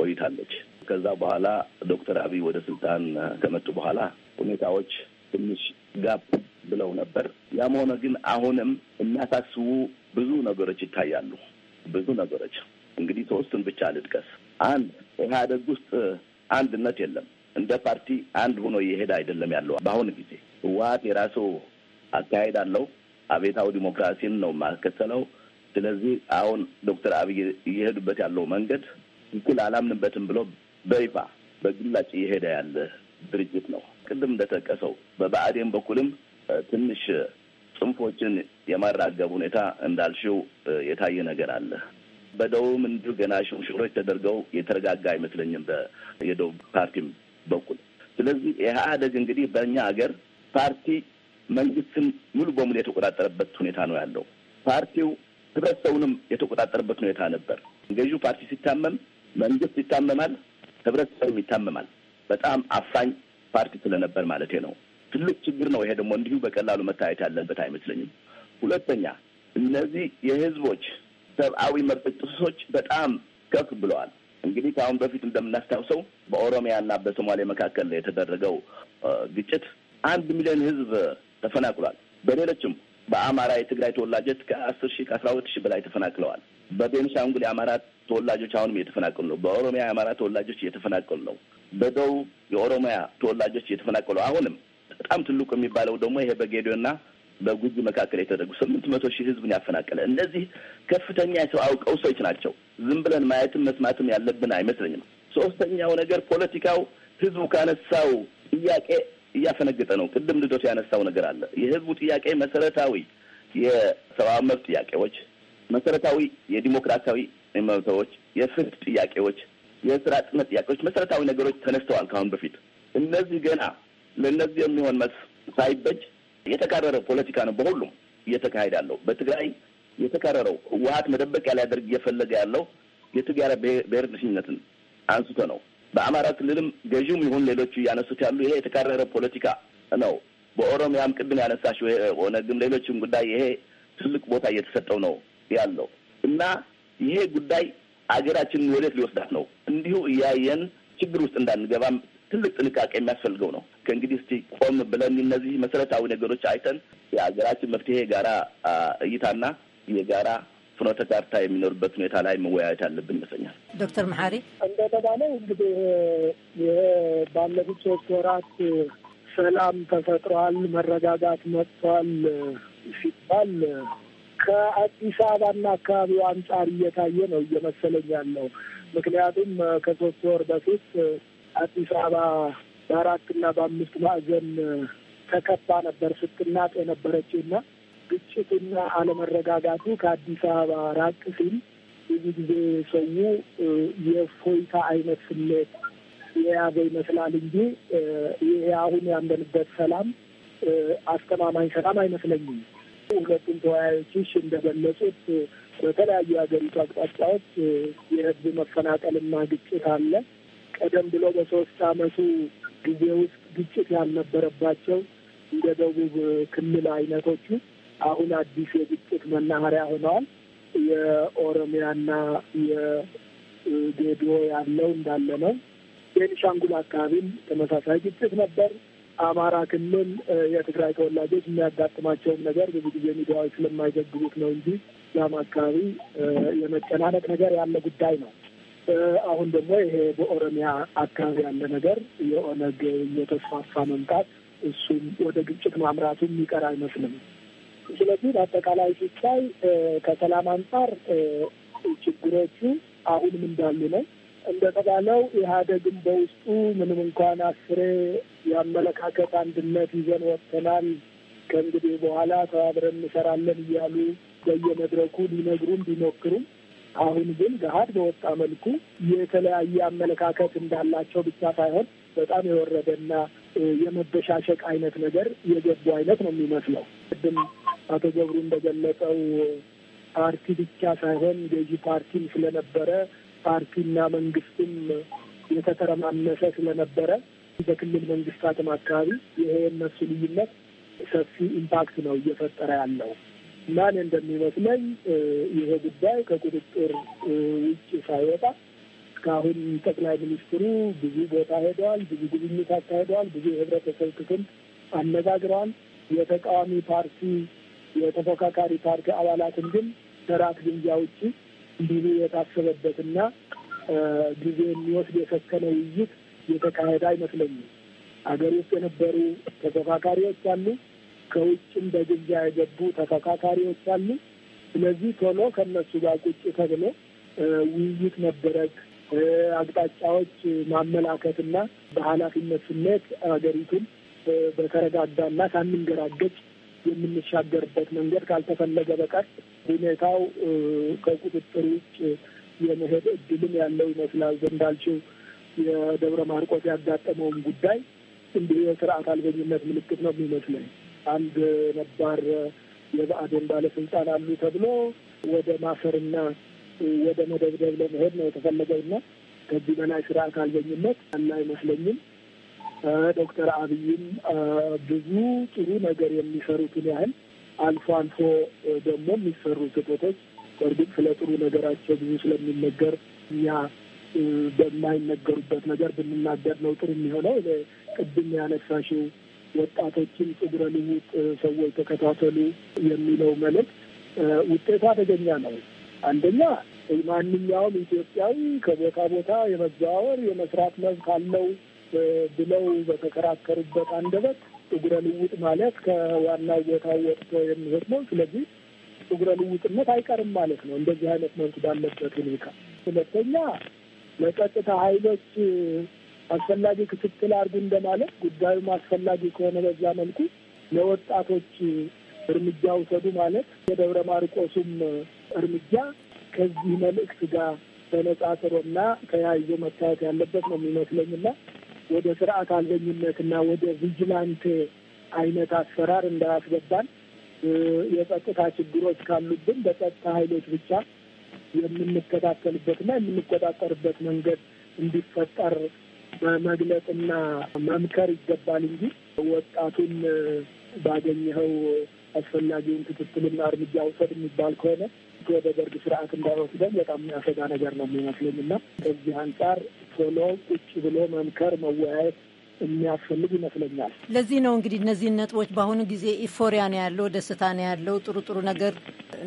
ቆይታለች። ከዛ በኋላ ዶክተር አብይ ወደ ስልጣን ከመጡ በኋላ ሁኔታዎች ትንሽ ጋፕ ብለው ነበር። ያም ሆነ ግን አሁንም የሚያሳስቡ ብዙ ነገሮች ይታያሉ። ብዙ ነገሮች እንግዲህ ሶስቱን ብቻ ልጥቀስ። አንድ ኢህአደግ ውስጥ አንድነት የለም። እንደ ፓርቲ አንድ ሆኖ እየሄደ አይደለም ያለው። በአሁኑ ጊዜ ህወሓት የራሱ አካሄድ አለው። አቤታዊ ዲሞክራሲን ነው የማስከተለው። ስለዚህ አሁን ዶክተር አብይ እየሄዱበት ያለው መንገድ እኩል አላምንበትም ብሎ በይፋ በግላጭ እየሄደ ያለ ድርጅት ነው። ቅድም እንደጠቀሰው በብአዴን በኩልም ትንሽ ጽንፎችን የማራገብ ሁኔታ እንዳልሽው የታየ ነገር አለ። በደቡብም እንዲሁ ገና ሽሽሮች ተደርገው የተረጋጋ አይመስለኝም የደቡብ ፓርቲም በኩል። ስለዚህ ኢህአዴግ እንግዲህ በእኛ ሀገር ፓርቲ መንግስትን ሙሉ በሙሉ የተቆጣጠረበት ሁኔታ ነው ያለው። ፓርቲው ህብረተሰቡንም የተቆጣጠረበት ሁኔታ ነበር። ገዢው ፓርቲ ሲታመም መንግስት ይታመማል፣ ህብረተሰቡም ይታመማል። በጣም አፋኝ ፓርቲ ስለነበር ማለት ነው። ትልቅ ችግር ነው። ይሄ ደግሞ እንዲሁ በቀላሉ መታየት ያለበት አይመስለኝም። ሁለተኛ እነዚህ የህዝቦች ሰብአዊ መብት ጥሰቶች በጣም ከፍ ብለዋል። እንግዲህ ከአሁን በፊት እንደምናስታውሰው በኦሮሚያና በሶማሌ መካከል የተደረገው ግጭት አንድ ሚሊዮን ህዝብ ተፈናቅሏል። በሌሎችም በአማራ የትግራይ ተወላጆች ከአስር ሺህ ከአስራ ሁለት ሺህ በላይ ተፈናቅለዋል። በቤንሻንጉል የአማራ ተወላጆች አሁንም እየተፈናቀሉ ነው። በኦሮሚያ የአማራ ተወላጆች እየተፈናቀሉ ነው። በደቡብ የኦሮሚያ ተወላጆች እየተፈናቀሉ አሁንም በጣም ትልቁ የሚባለው ደግሞ ይሄ በጌዲዮና በጉጂ መካከል የተደረጉ ስምንት መቶ ሺህ ህዝብን ያፈናቀለ እነዚህ ከፍተኛ ሰው አውቀው ሰዎች ናቸው። ዝም ብለን ማየትም መስማትም ያለብን አይመስለኝም። ሶስተኛው ነገር ፖለቲካው ህዝቡ ካነሳው ጥያቄ እያፈነገጠ ነው። ቅድም ልደቱ ያነሳው ነገር አለ። የህዝቡ ጥያቄ መሰረታዊ የሰብአዊ መብት ጥያቄዎች፣ መሰረታዊ የዲሞክራሲያዊ መብቶች፣ የፍርድ ጥያቄዎች፣ የስራ አጥነት ጥያቄዎች፣ መሰረታዊ ነገሮች ተነስተዋል ከአሁን በፊት እነዚህ ገና ለእነዚህ የሚሆን መስ ሳይበጅ የተካረረ ፖለቲካ ነው በሁሉም እየተካሄደ ያለው። በትግራይ የተካረረው ህወሀት መደበቂያ ሊያደርግ እየፈለገ ያለው የትግራይ ብሔርተኝነትን አንስቶ ነው። በአማራ ክልልም ገዥም ይሁን ሌሎቹ እያነሱት ያሉ ይሄ የተካረረ ፖለቲካ ነው። በኦሮሚያም ቅድም ያነሳሽው ኦነግም ሌሎችም ጉዳይ ይሄ ትልቅ ቦታ እየተሰጠው ነው ያለው እና ይሄ ጉዳይ አገራችንን ወዴት ሊወስዳት ነው? እንዲሁ እያየን ችግር ውስጥ እንዳንገባም ትልቅ ጥንቃቄ የሚያስፈልገው ነው። ከእንግዲህ እስቲ ቆም ብለን እነዚህ መሰረታዊ ነገሮች አይተን የሀገራችን መፍትሄ የጋራ እይታና የጋራ ፍኖተ ካርታ የሚኖርበት ሁኔታ ላይ መወያየት ያለብን ይመስለኛል። ዶክተር መሐሪ እንደተባለ እንግዲህ ባለፉት ሶስት ወራት ሰላም ተፈጥሯል፣ መረጋጋት መጥቷል ሲባል ከአዲስ አበባና አካባቢው አንጻር እየታየ ነው እየመሰለኝ ያለው ምክንያቱም ከሶስት ወር በፊት አዲስ አበባ በአራትና በአምስት ማዕዘን ተከባ ነበር ስትናጥ የነበረችውና ግጭትና አለመረጋጋቱ ከአዲስ አበባ ራቅ ሲል ብዙ ጊዜ ሰው የፎይታ አይነት ስሜት የያዘ ይመስላል እንጂ ይሄ አሁን ያለንበት ሰላም አስተማማኝ ሰላም አይመስለኝም። ሁለቱም ተወያዮችሽ እንደገለጹት በተለያዩ የሀገሪቱ አቅጣጫዎች የህዝብ መፈናቀልና ግጭት አለ። ቀደም ብሎ በሶስት አመቱ ጊዜ ውስጥ ግጭት ያልነበረባቸው እንደ ደቡብ ክልል አይነቶቹ አሁን አዲስ የግጭት መናኸሪያ ሆነዋል። የኦሮሚያና የጌዲዮ ያለው እንዳለ ነው። ቤኒሻንጉል አካባቢም ተመሳሳይ ግጭት ነበር። አማራ ክልል የትግራይ ተወላጆች የሚያጋጥማቸውም ነገር ብዙ ጊዜ ሚዲያዎች ስለማይዘግቡት ነው እንጂ ያም አካባቢ የመጨናነቅ ነገር ያለ ጉዳይ ነው። አሁን ደግሞ ይሄ በኦሮሚያ አካባቢ ያለ ነገር የኦነግ እየተስፋፋ መምጣት እሱም ወደ ግጭት ማምራቱ የሚቀር አይመስልም። ስለዚህ በአጠቃላይ ሲታይ ከሰላም አንጻር ችግሮቹ አሁንም እንዳሉ ነው። እንደተባለው ኢህአዴግም በውስጡ ምንም እንኳን አስሬ የአመለካከት አንድነት ይዘን ወጥተናል፣ ከእንግዲህ በኋላ ተባብረን እንሰራለን እያሉ በየመድረኩ ሊነግሩም ቢሞክሩም አሁን ግን ገሀድ በወጣ መልኩ የተለያየ አመለካከት እንዳላቸው ብቻ ሳይሆን በጣም የወረደና የመበሻሸቅ አይነት ነገር የገቡ አይነት ነው የሚመስለው። ቅድም አቶ ገብሩ እንደገለጸው ፓርቲ ብቻ ሳይሆን ገዢ ፓርቲም ስለነበረ ፓርቲና መንግስትም የተተረማመሰ ስለነበረ በክልል መንግስታትም አካባቢ ይሄ የነሱ ልዩነት ሰፊ ኢምፓክት ነው እየፈጠረ ያለው። ማን እንደሚመስለኝ ይሄ ጉዳይ ከቁጥጥር ውጭ ሳይወጣ እስካሁን ጠቅላይ ሚኒስትሩ ብዙ ቦታ ሄደዋል፣ ብዙ ጉብኝት አካሄደዋል፣ ብዙ የህብረተሰብ ክፍል አነጋግረዋል። የተቃዋሚ ፓርቲ የተፎካካሪ ፓርቲ አባላትን ግን ከራት ግብዣ ውጭ እንዲሉ የታሰበበትና ጊዜ የሚወስድ የሰከነ ውይይት የተካሄደ አይመስለኝም። ሀገር ውስጥ የነበሩ ተፎካካሪዎች አሉ። ከውጭም በግብዣ የገቡ ተፈካካሪዎች አሉ። ስለዚህ ቶሎ ከነሱ ጋር ቁጭ ተብሎ ውይይት መደረግ አቅጣጫዎች ማመላከትና በኃላፊነት ስሜት ሀገሪቱን በተረጋጋና ሳንንገራገጭ የምንሻገርበት መንገድ ካልተፈለገ በቀር ሁኔታው ከቁጥጥር ውጭ የመሄድ እድልም ያለው ይመስላል። እንዳልችው የደብረ ማርቆስ ያጋጠመውን ጉዳይ እንዲሁ የስርዓት አልበኝነት ምልክት ነው የሚመስለኝ። አንድ ነባር የብአዴን ባለስልጣን አሉ ተብሎ ወደ ማሰርና ወደ መደብደብ ለመሄድ ነው የተፈለገው የተፈለገውና ከዚህ በላይ ስራ አልበኝነት አለ አይመስለኝም። ዶክተር አብይም ብዙ ጥሩ ነገር የሚሰሩትን ያህል አልፎ አልፎ ደግሞ የሚሰሩ ስህተቶች እርግጥ ስለ ጥሩ ነገራቸው ብዙ ስለሚነገር እኛ በማይነገሩበት ነገር ብንናገር ነው ጥሩ የሚሆነው። ቅድም ያነሳሽው ወጣቶችን ጽጉረ ልውጥ ሰዎች ተከታተሉ የሚለው መልእክት ውጤት አደገኛ ነው። አንደኛ ማንኛውም ኢትዮጵያዊ ከቦታ ቦታ የመዘዋወር የመስራት መብት አለው ብለው በተከራከሩበት አንደበት ጽጉረ ልውጥ ማለት ከዋናው ቦታ ወጥቶ የሚሄድ ነው። ስለዚህ ጽጉረ ልውጥነት አይቀርም ማለት ነው እንደዚህ አይነት መብት ባለበት ሁኔታ። ሁለተኛ ለጸጥታ ኃይሎች አስፈላጊ ክትትል አድርጉ እንደማለት ጉዳዩም አስፈላጊ ከሆነ በዛ መልኩ ለወጣቶች እርምጃ ውሰዱ ማለት የደብረ ማርቆሱም እርምጃ ከዚህ መልእክት ጋር ተነጻጽሮና ተያይዞ መታየት ያለበት ነው የሚመስለኝና ወደ ስርዓት አልበኝነትና ወደ ቪጂላንት አይነት አሰራር እንዳያስገባን የጸጥታ ችግሮች ካሉብን በጸጥታ ኃይሎች ብቻ የምንከታተልበትና የምንቆጣጠርበት መንገድ እንዲፈጠር መግለጥና መምከር ይገባል እንጂ ወጣቱን ባገኘኸው አስፈላጊውን ክትትልና እርምጃ ውሰድ የሚባል ከሆነ ወደ ደርግ ስርዓት እንዳይወስደን በጣም የሚያሰጋ ነገር ነው የሚመስለኝ እና ከዚህ አንጻር ቶሎ ቁጭ ብሎ መምከር መወያየት የሚያስፈልግ ይመስለኛል። ለዚህ ነው እንግዲህ እነዚህን ነጥቦች በአሁኑ ጊዜ ኢፎሪያ ነው ያለው፣ ደስታ ነው ያለው፣ ጥሩ ጥሩ ነገር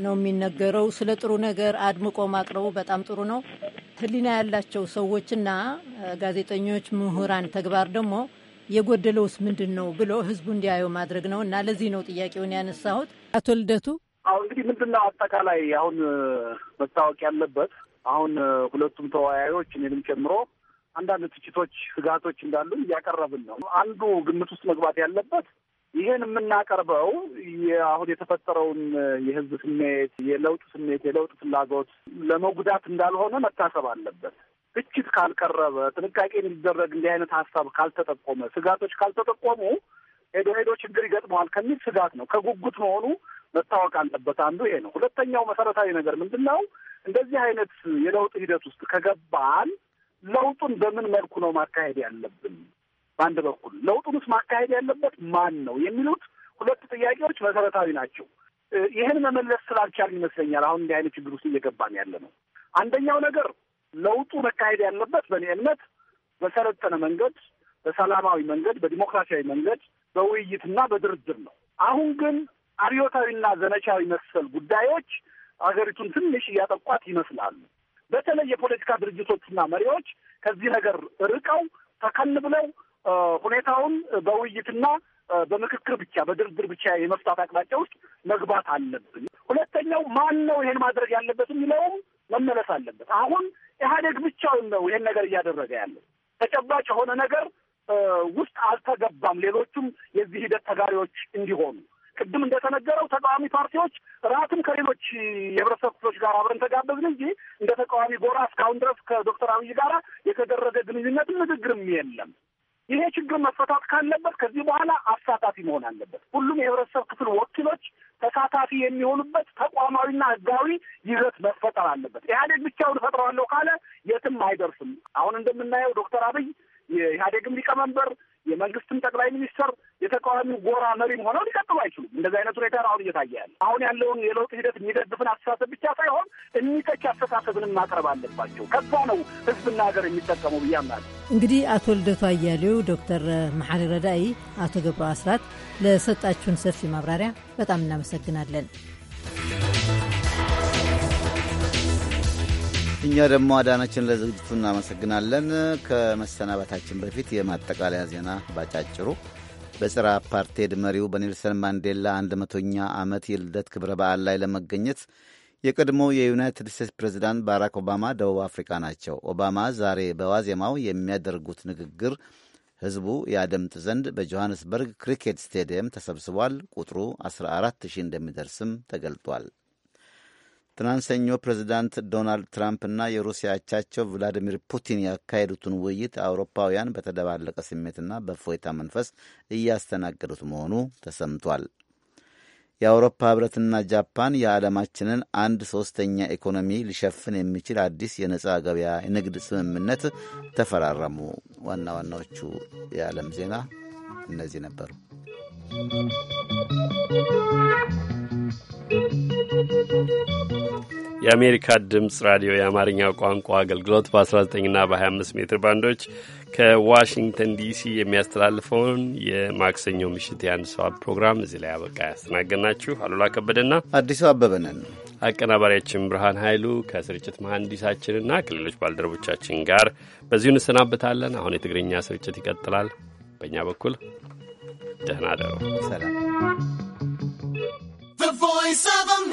ነው የሚነገረው። ስለ ጥሩ ነገር አድምቆ ማቅረቡ በጣም ጥሩ ነው። ህሊና ያላቸው ሰዎችና ጋዜጠኞች፣ ምሁራን ተግባር ደግሞ የጎደለውስ ምንድን ነው ብሎ ህዝቡ እንዲያየው ማድረግ ነው እና ለዚህ ነው ጥያቄውን ያነሳሁት። አቶ ልደቱ አሁን እንግዲህ ምንድነው አጠቃላይ አሁን መታወቅ ያለበት አሁን ሁለቱም ተወያዮች እኔንም ጨምሮ አንዳንድ ትችቶች፣ ስጋቶች እንዳሉ እያቀረብን ነው። አንዱ ግምት ውስጥ መግባት ያለበት ይህን የምናቀርበው አሁን የተፈጠረውን የህዝብ ስሜት፣ የለውጥ ስሜት፣ የለውጥ ፍላጎት ለመጉዳት እንዳልሆነ መታሰብ አለበት። ትችት ካልቀረበ፣ ጥንቃቄ እንዲደረግ፣ እንዲህ አይነት ሀሳብ ካልተጠቆመ፣ ስጋቶች ካልተጠቆሙ ሄዶ ሄዶ ችግር ይገጥመዋል ከሚል ስጋት ነው። ከጉጉት መሆኑ መታወቅ አለበት። አንዱ ይሄ ነው። ሁለተኛው መሰረታዊ ነገር ምንድን ነው? እንደዚህ አይነት የለውጥ ሂደት ውስጥ ከገባን ለውጡን በምን መልኩ ነው ማካሄድ ያለብን? በአንድ በኩል ለውጡንስ ማካሄድ ያለበት ማን ነው የሚሉት ሁለት ጥያቄዎች መሰረታዊ ናቸው። ይህን መመለስ ስላልቻል ይመስለኛል አሁን እንዲህ አይነት ችግር ውስጥ እየገባን ያለ ነው። አንደኛው ነገር ለውጡ መካሄድ ያለበት በእኔ እምነት በሰለጠነ መንገድ፣ በሰላማዊ መንገድ፣ በዲሞክራሲያዊ መንገድ፣ በውይይትና በድርድር ነው። አሁን ግን አብዮታዊና ዘመቻዊ መሰል ጉዳዮች አገሪቱን ትንሽ እያጠቋት ይመስላሉ። በተለይ የፖለቲካ ድርጅቶችና መሪዎች ከዚህ ነገር ርቀው ተከን ብለው ሁኔታውን በውይይትና በምክክር ብቻ በድርድር ብቻ የመፍታት አቅጣጫ ውስጥ መግባት አለብን። ሁለተኛው ማን ነው ይሄን ማድረግ ያለበት የሚለውም መመለስ አለበት። አሁን ኢህአዴግ ብቻውን ነው ይሄን ነገር እያደረገ ያለው። ተጨባጭ የሆነ ነገር ውስጥ አልተገባም። ሌሎቹም የዚህ ሂደት ተጋሪዎች እንዲሆኑ ቅድም እንደተነገረው ተቃዋሚ ፓርቲዎች ራትም ከሌሎች የህብረተሰብ ክፍሎች ጋር አብረን ተጋበዝን እንጂ እንደ ተቃዋሚ ጎራ እስካሁን ድረስ ከዶክተር አብይ ጋር የተደረገ ግንኙነት ንግግርም የለም። ይሄ ችግር መፈታት ካለበት ከዚህ በኋላ አሳታፊ መሆን አለበት። ሁሉም የህብረተሰብ ክፍል ወኪሎች ተሳታፊ የሚሆኑበት ተቋማዊና ህጋዊ ይዘት መፈጠር አለበት። ኢህአዴግ ብቻውን እፈጥረዋለሁ ካለ የትም አይደርስም። አሁን እንደምናየው ዶክተር አብይ የኢህአዴግም ሊቀመንበር የመንግስትም ጠቅላይ ሚኒስትር የተቃዋሚ ጎራ መሪም ሆነው ሊቀጥሉ አይችሉም። እንደዚህ አይነት ሁኔታ አሁን እየታየ ያለ አሁን ያለውን የለውጥ ሂደት የሚደግፍን አስተሳሰብ ብቻ ሳይሆን እሚተች አስተሳሰብንም ማቅረብ አለባቸው። ከዛ ነው ህዝብና ሀገር የሚጠቀሙ ብዬ አምናለሁ። እንግዲህ አቶ ልደቱ አያሌው፣ ዶክተር መሐሪ ረዳኢ፣ አቶ ገብረ አስራት ለሰጣችሁን ሰፊ ማብራሪያ በጣም እናመሰግናለን። Thank you. እኛ ደግሞ አዳነችን ለዝግጅቱ እናመሰግናለን። ከመሰናበታችን በፊት የማጠቃለያ ዜና ባጫጭሩ። በጽራ አፓርቴድ መሪው በኔልሰን ማንዴላ አንድ መቶኛ ዓመት የልደት ክብረ በዓል ላይ ለመገኘት የቀድሞው የዩናይትድ ስቴትስ ፕሬዚዳንት ባራክ ኦባማ ደቡብ አፍሪካ ናቸው። ኦባማ ዛሬ በዋዜማው የሚያደርጉት ንግግር ህዝቡ ያደምጥ ዘንድ በጆሃንስበርግ ክሪኬት ስቴዲየም ተሰብስቧል። ቁጥሩ 14 ሺህ እንደሚደርስም ተገልጧል። ትናንት ሰኞ ፕሬዚዳንት ዶናልድ ትራምፕና የሩሲያ አቻቸው ቭላዲሚር ፑቲን ያካሄዱትን ውይይት አውሮፓውያን በተደባለቀ ስሜትና በእፎይታ መንፈስ እያስተናገዱት መሆኑ ተሰምቷል። የአውሮፓ ህብረትና ጃፓን የዓለማችንን አንድ ሶስተኛ ኢኮኖሚ ሊሸፍን የሚችል አዲስ የነፃ ገበያ የንግድ ስምምነት ተፈራረሙ። ዋና ዋናዎቹ የዓለም ዜና እነዚህ ነበሩ። የአሜሪካ ድምፅ ራዲዮ የአማርኛ ቋንቋ አገልግሎት በ19ና በ25 ሜትር ባንዶች ከዋሽንግተን ዲሲ የሚያስተላልፈውን የማክሰኞ ምሽት የአንድ ሰዓት ፕሮግራም እዚህ ላይ አበቃ። ያስተናገድናችሁ አሉላ ከበደና አዲሱ አበበነን አቀናባሪያችን ብርሃን ኃይሉ ከስርጭት መሐንዲሳችንና ከሌሎች ባልደረቦቻችን ጋር በዚሁ እንሰናበታለን። አሁን የትግርኛ ስርጭት ይቀጥላል። በእኛ በኩል ደህና ደሩ። ሰላም።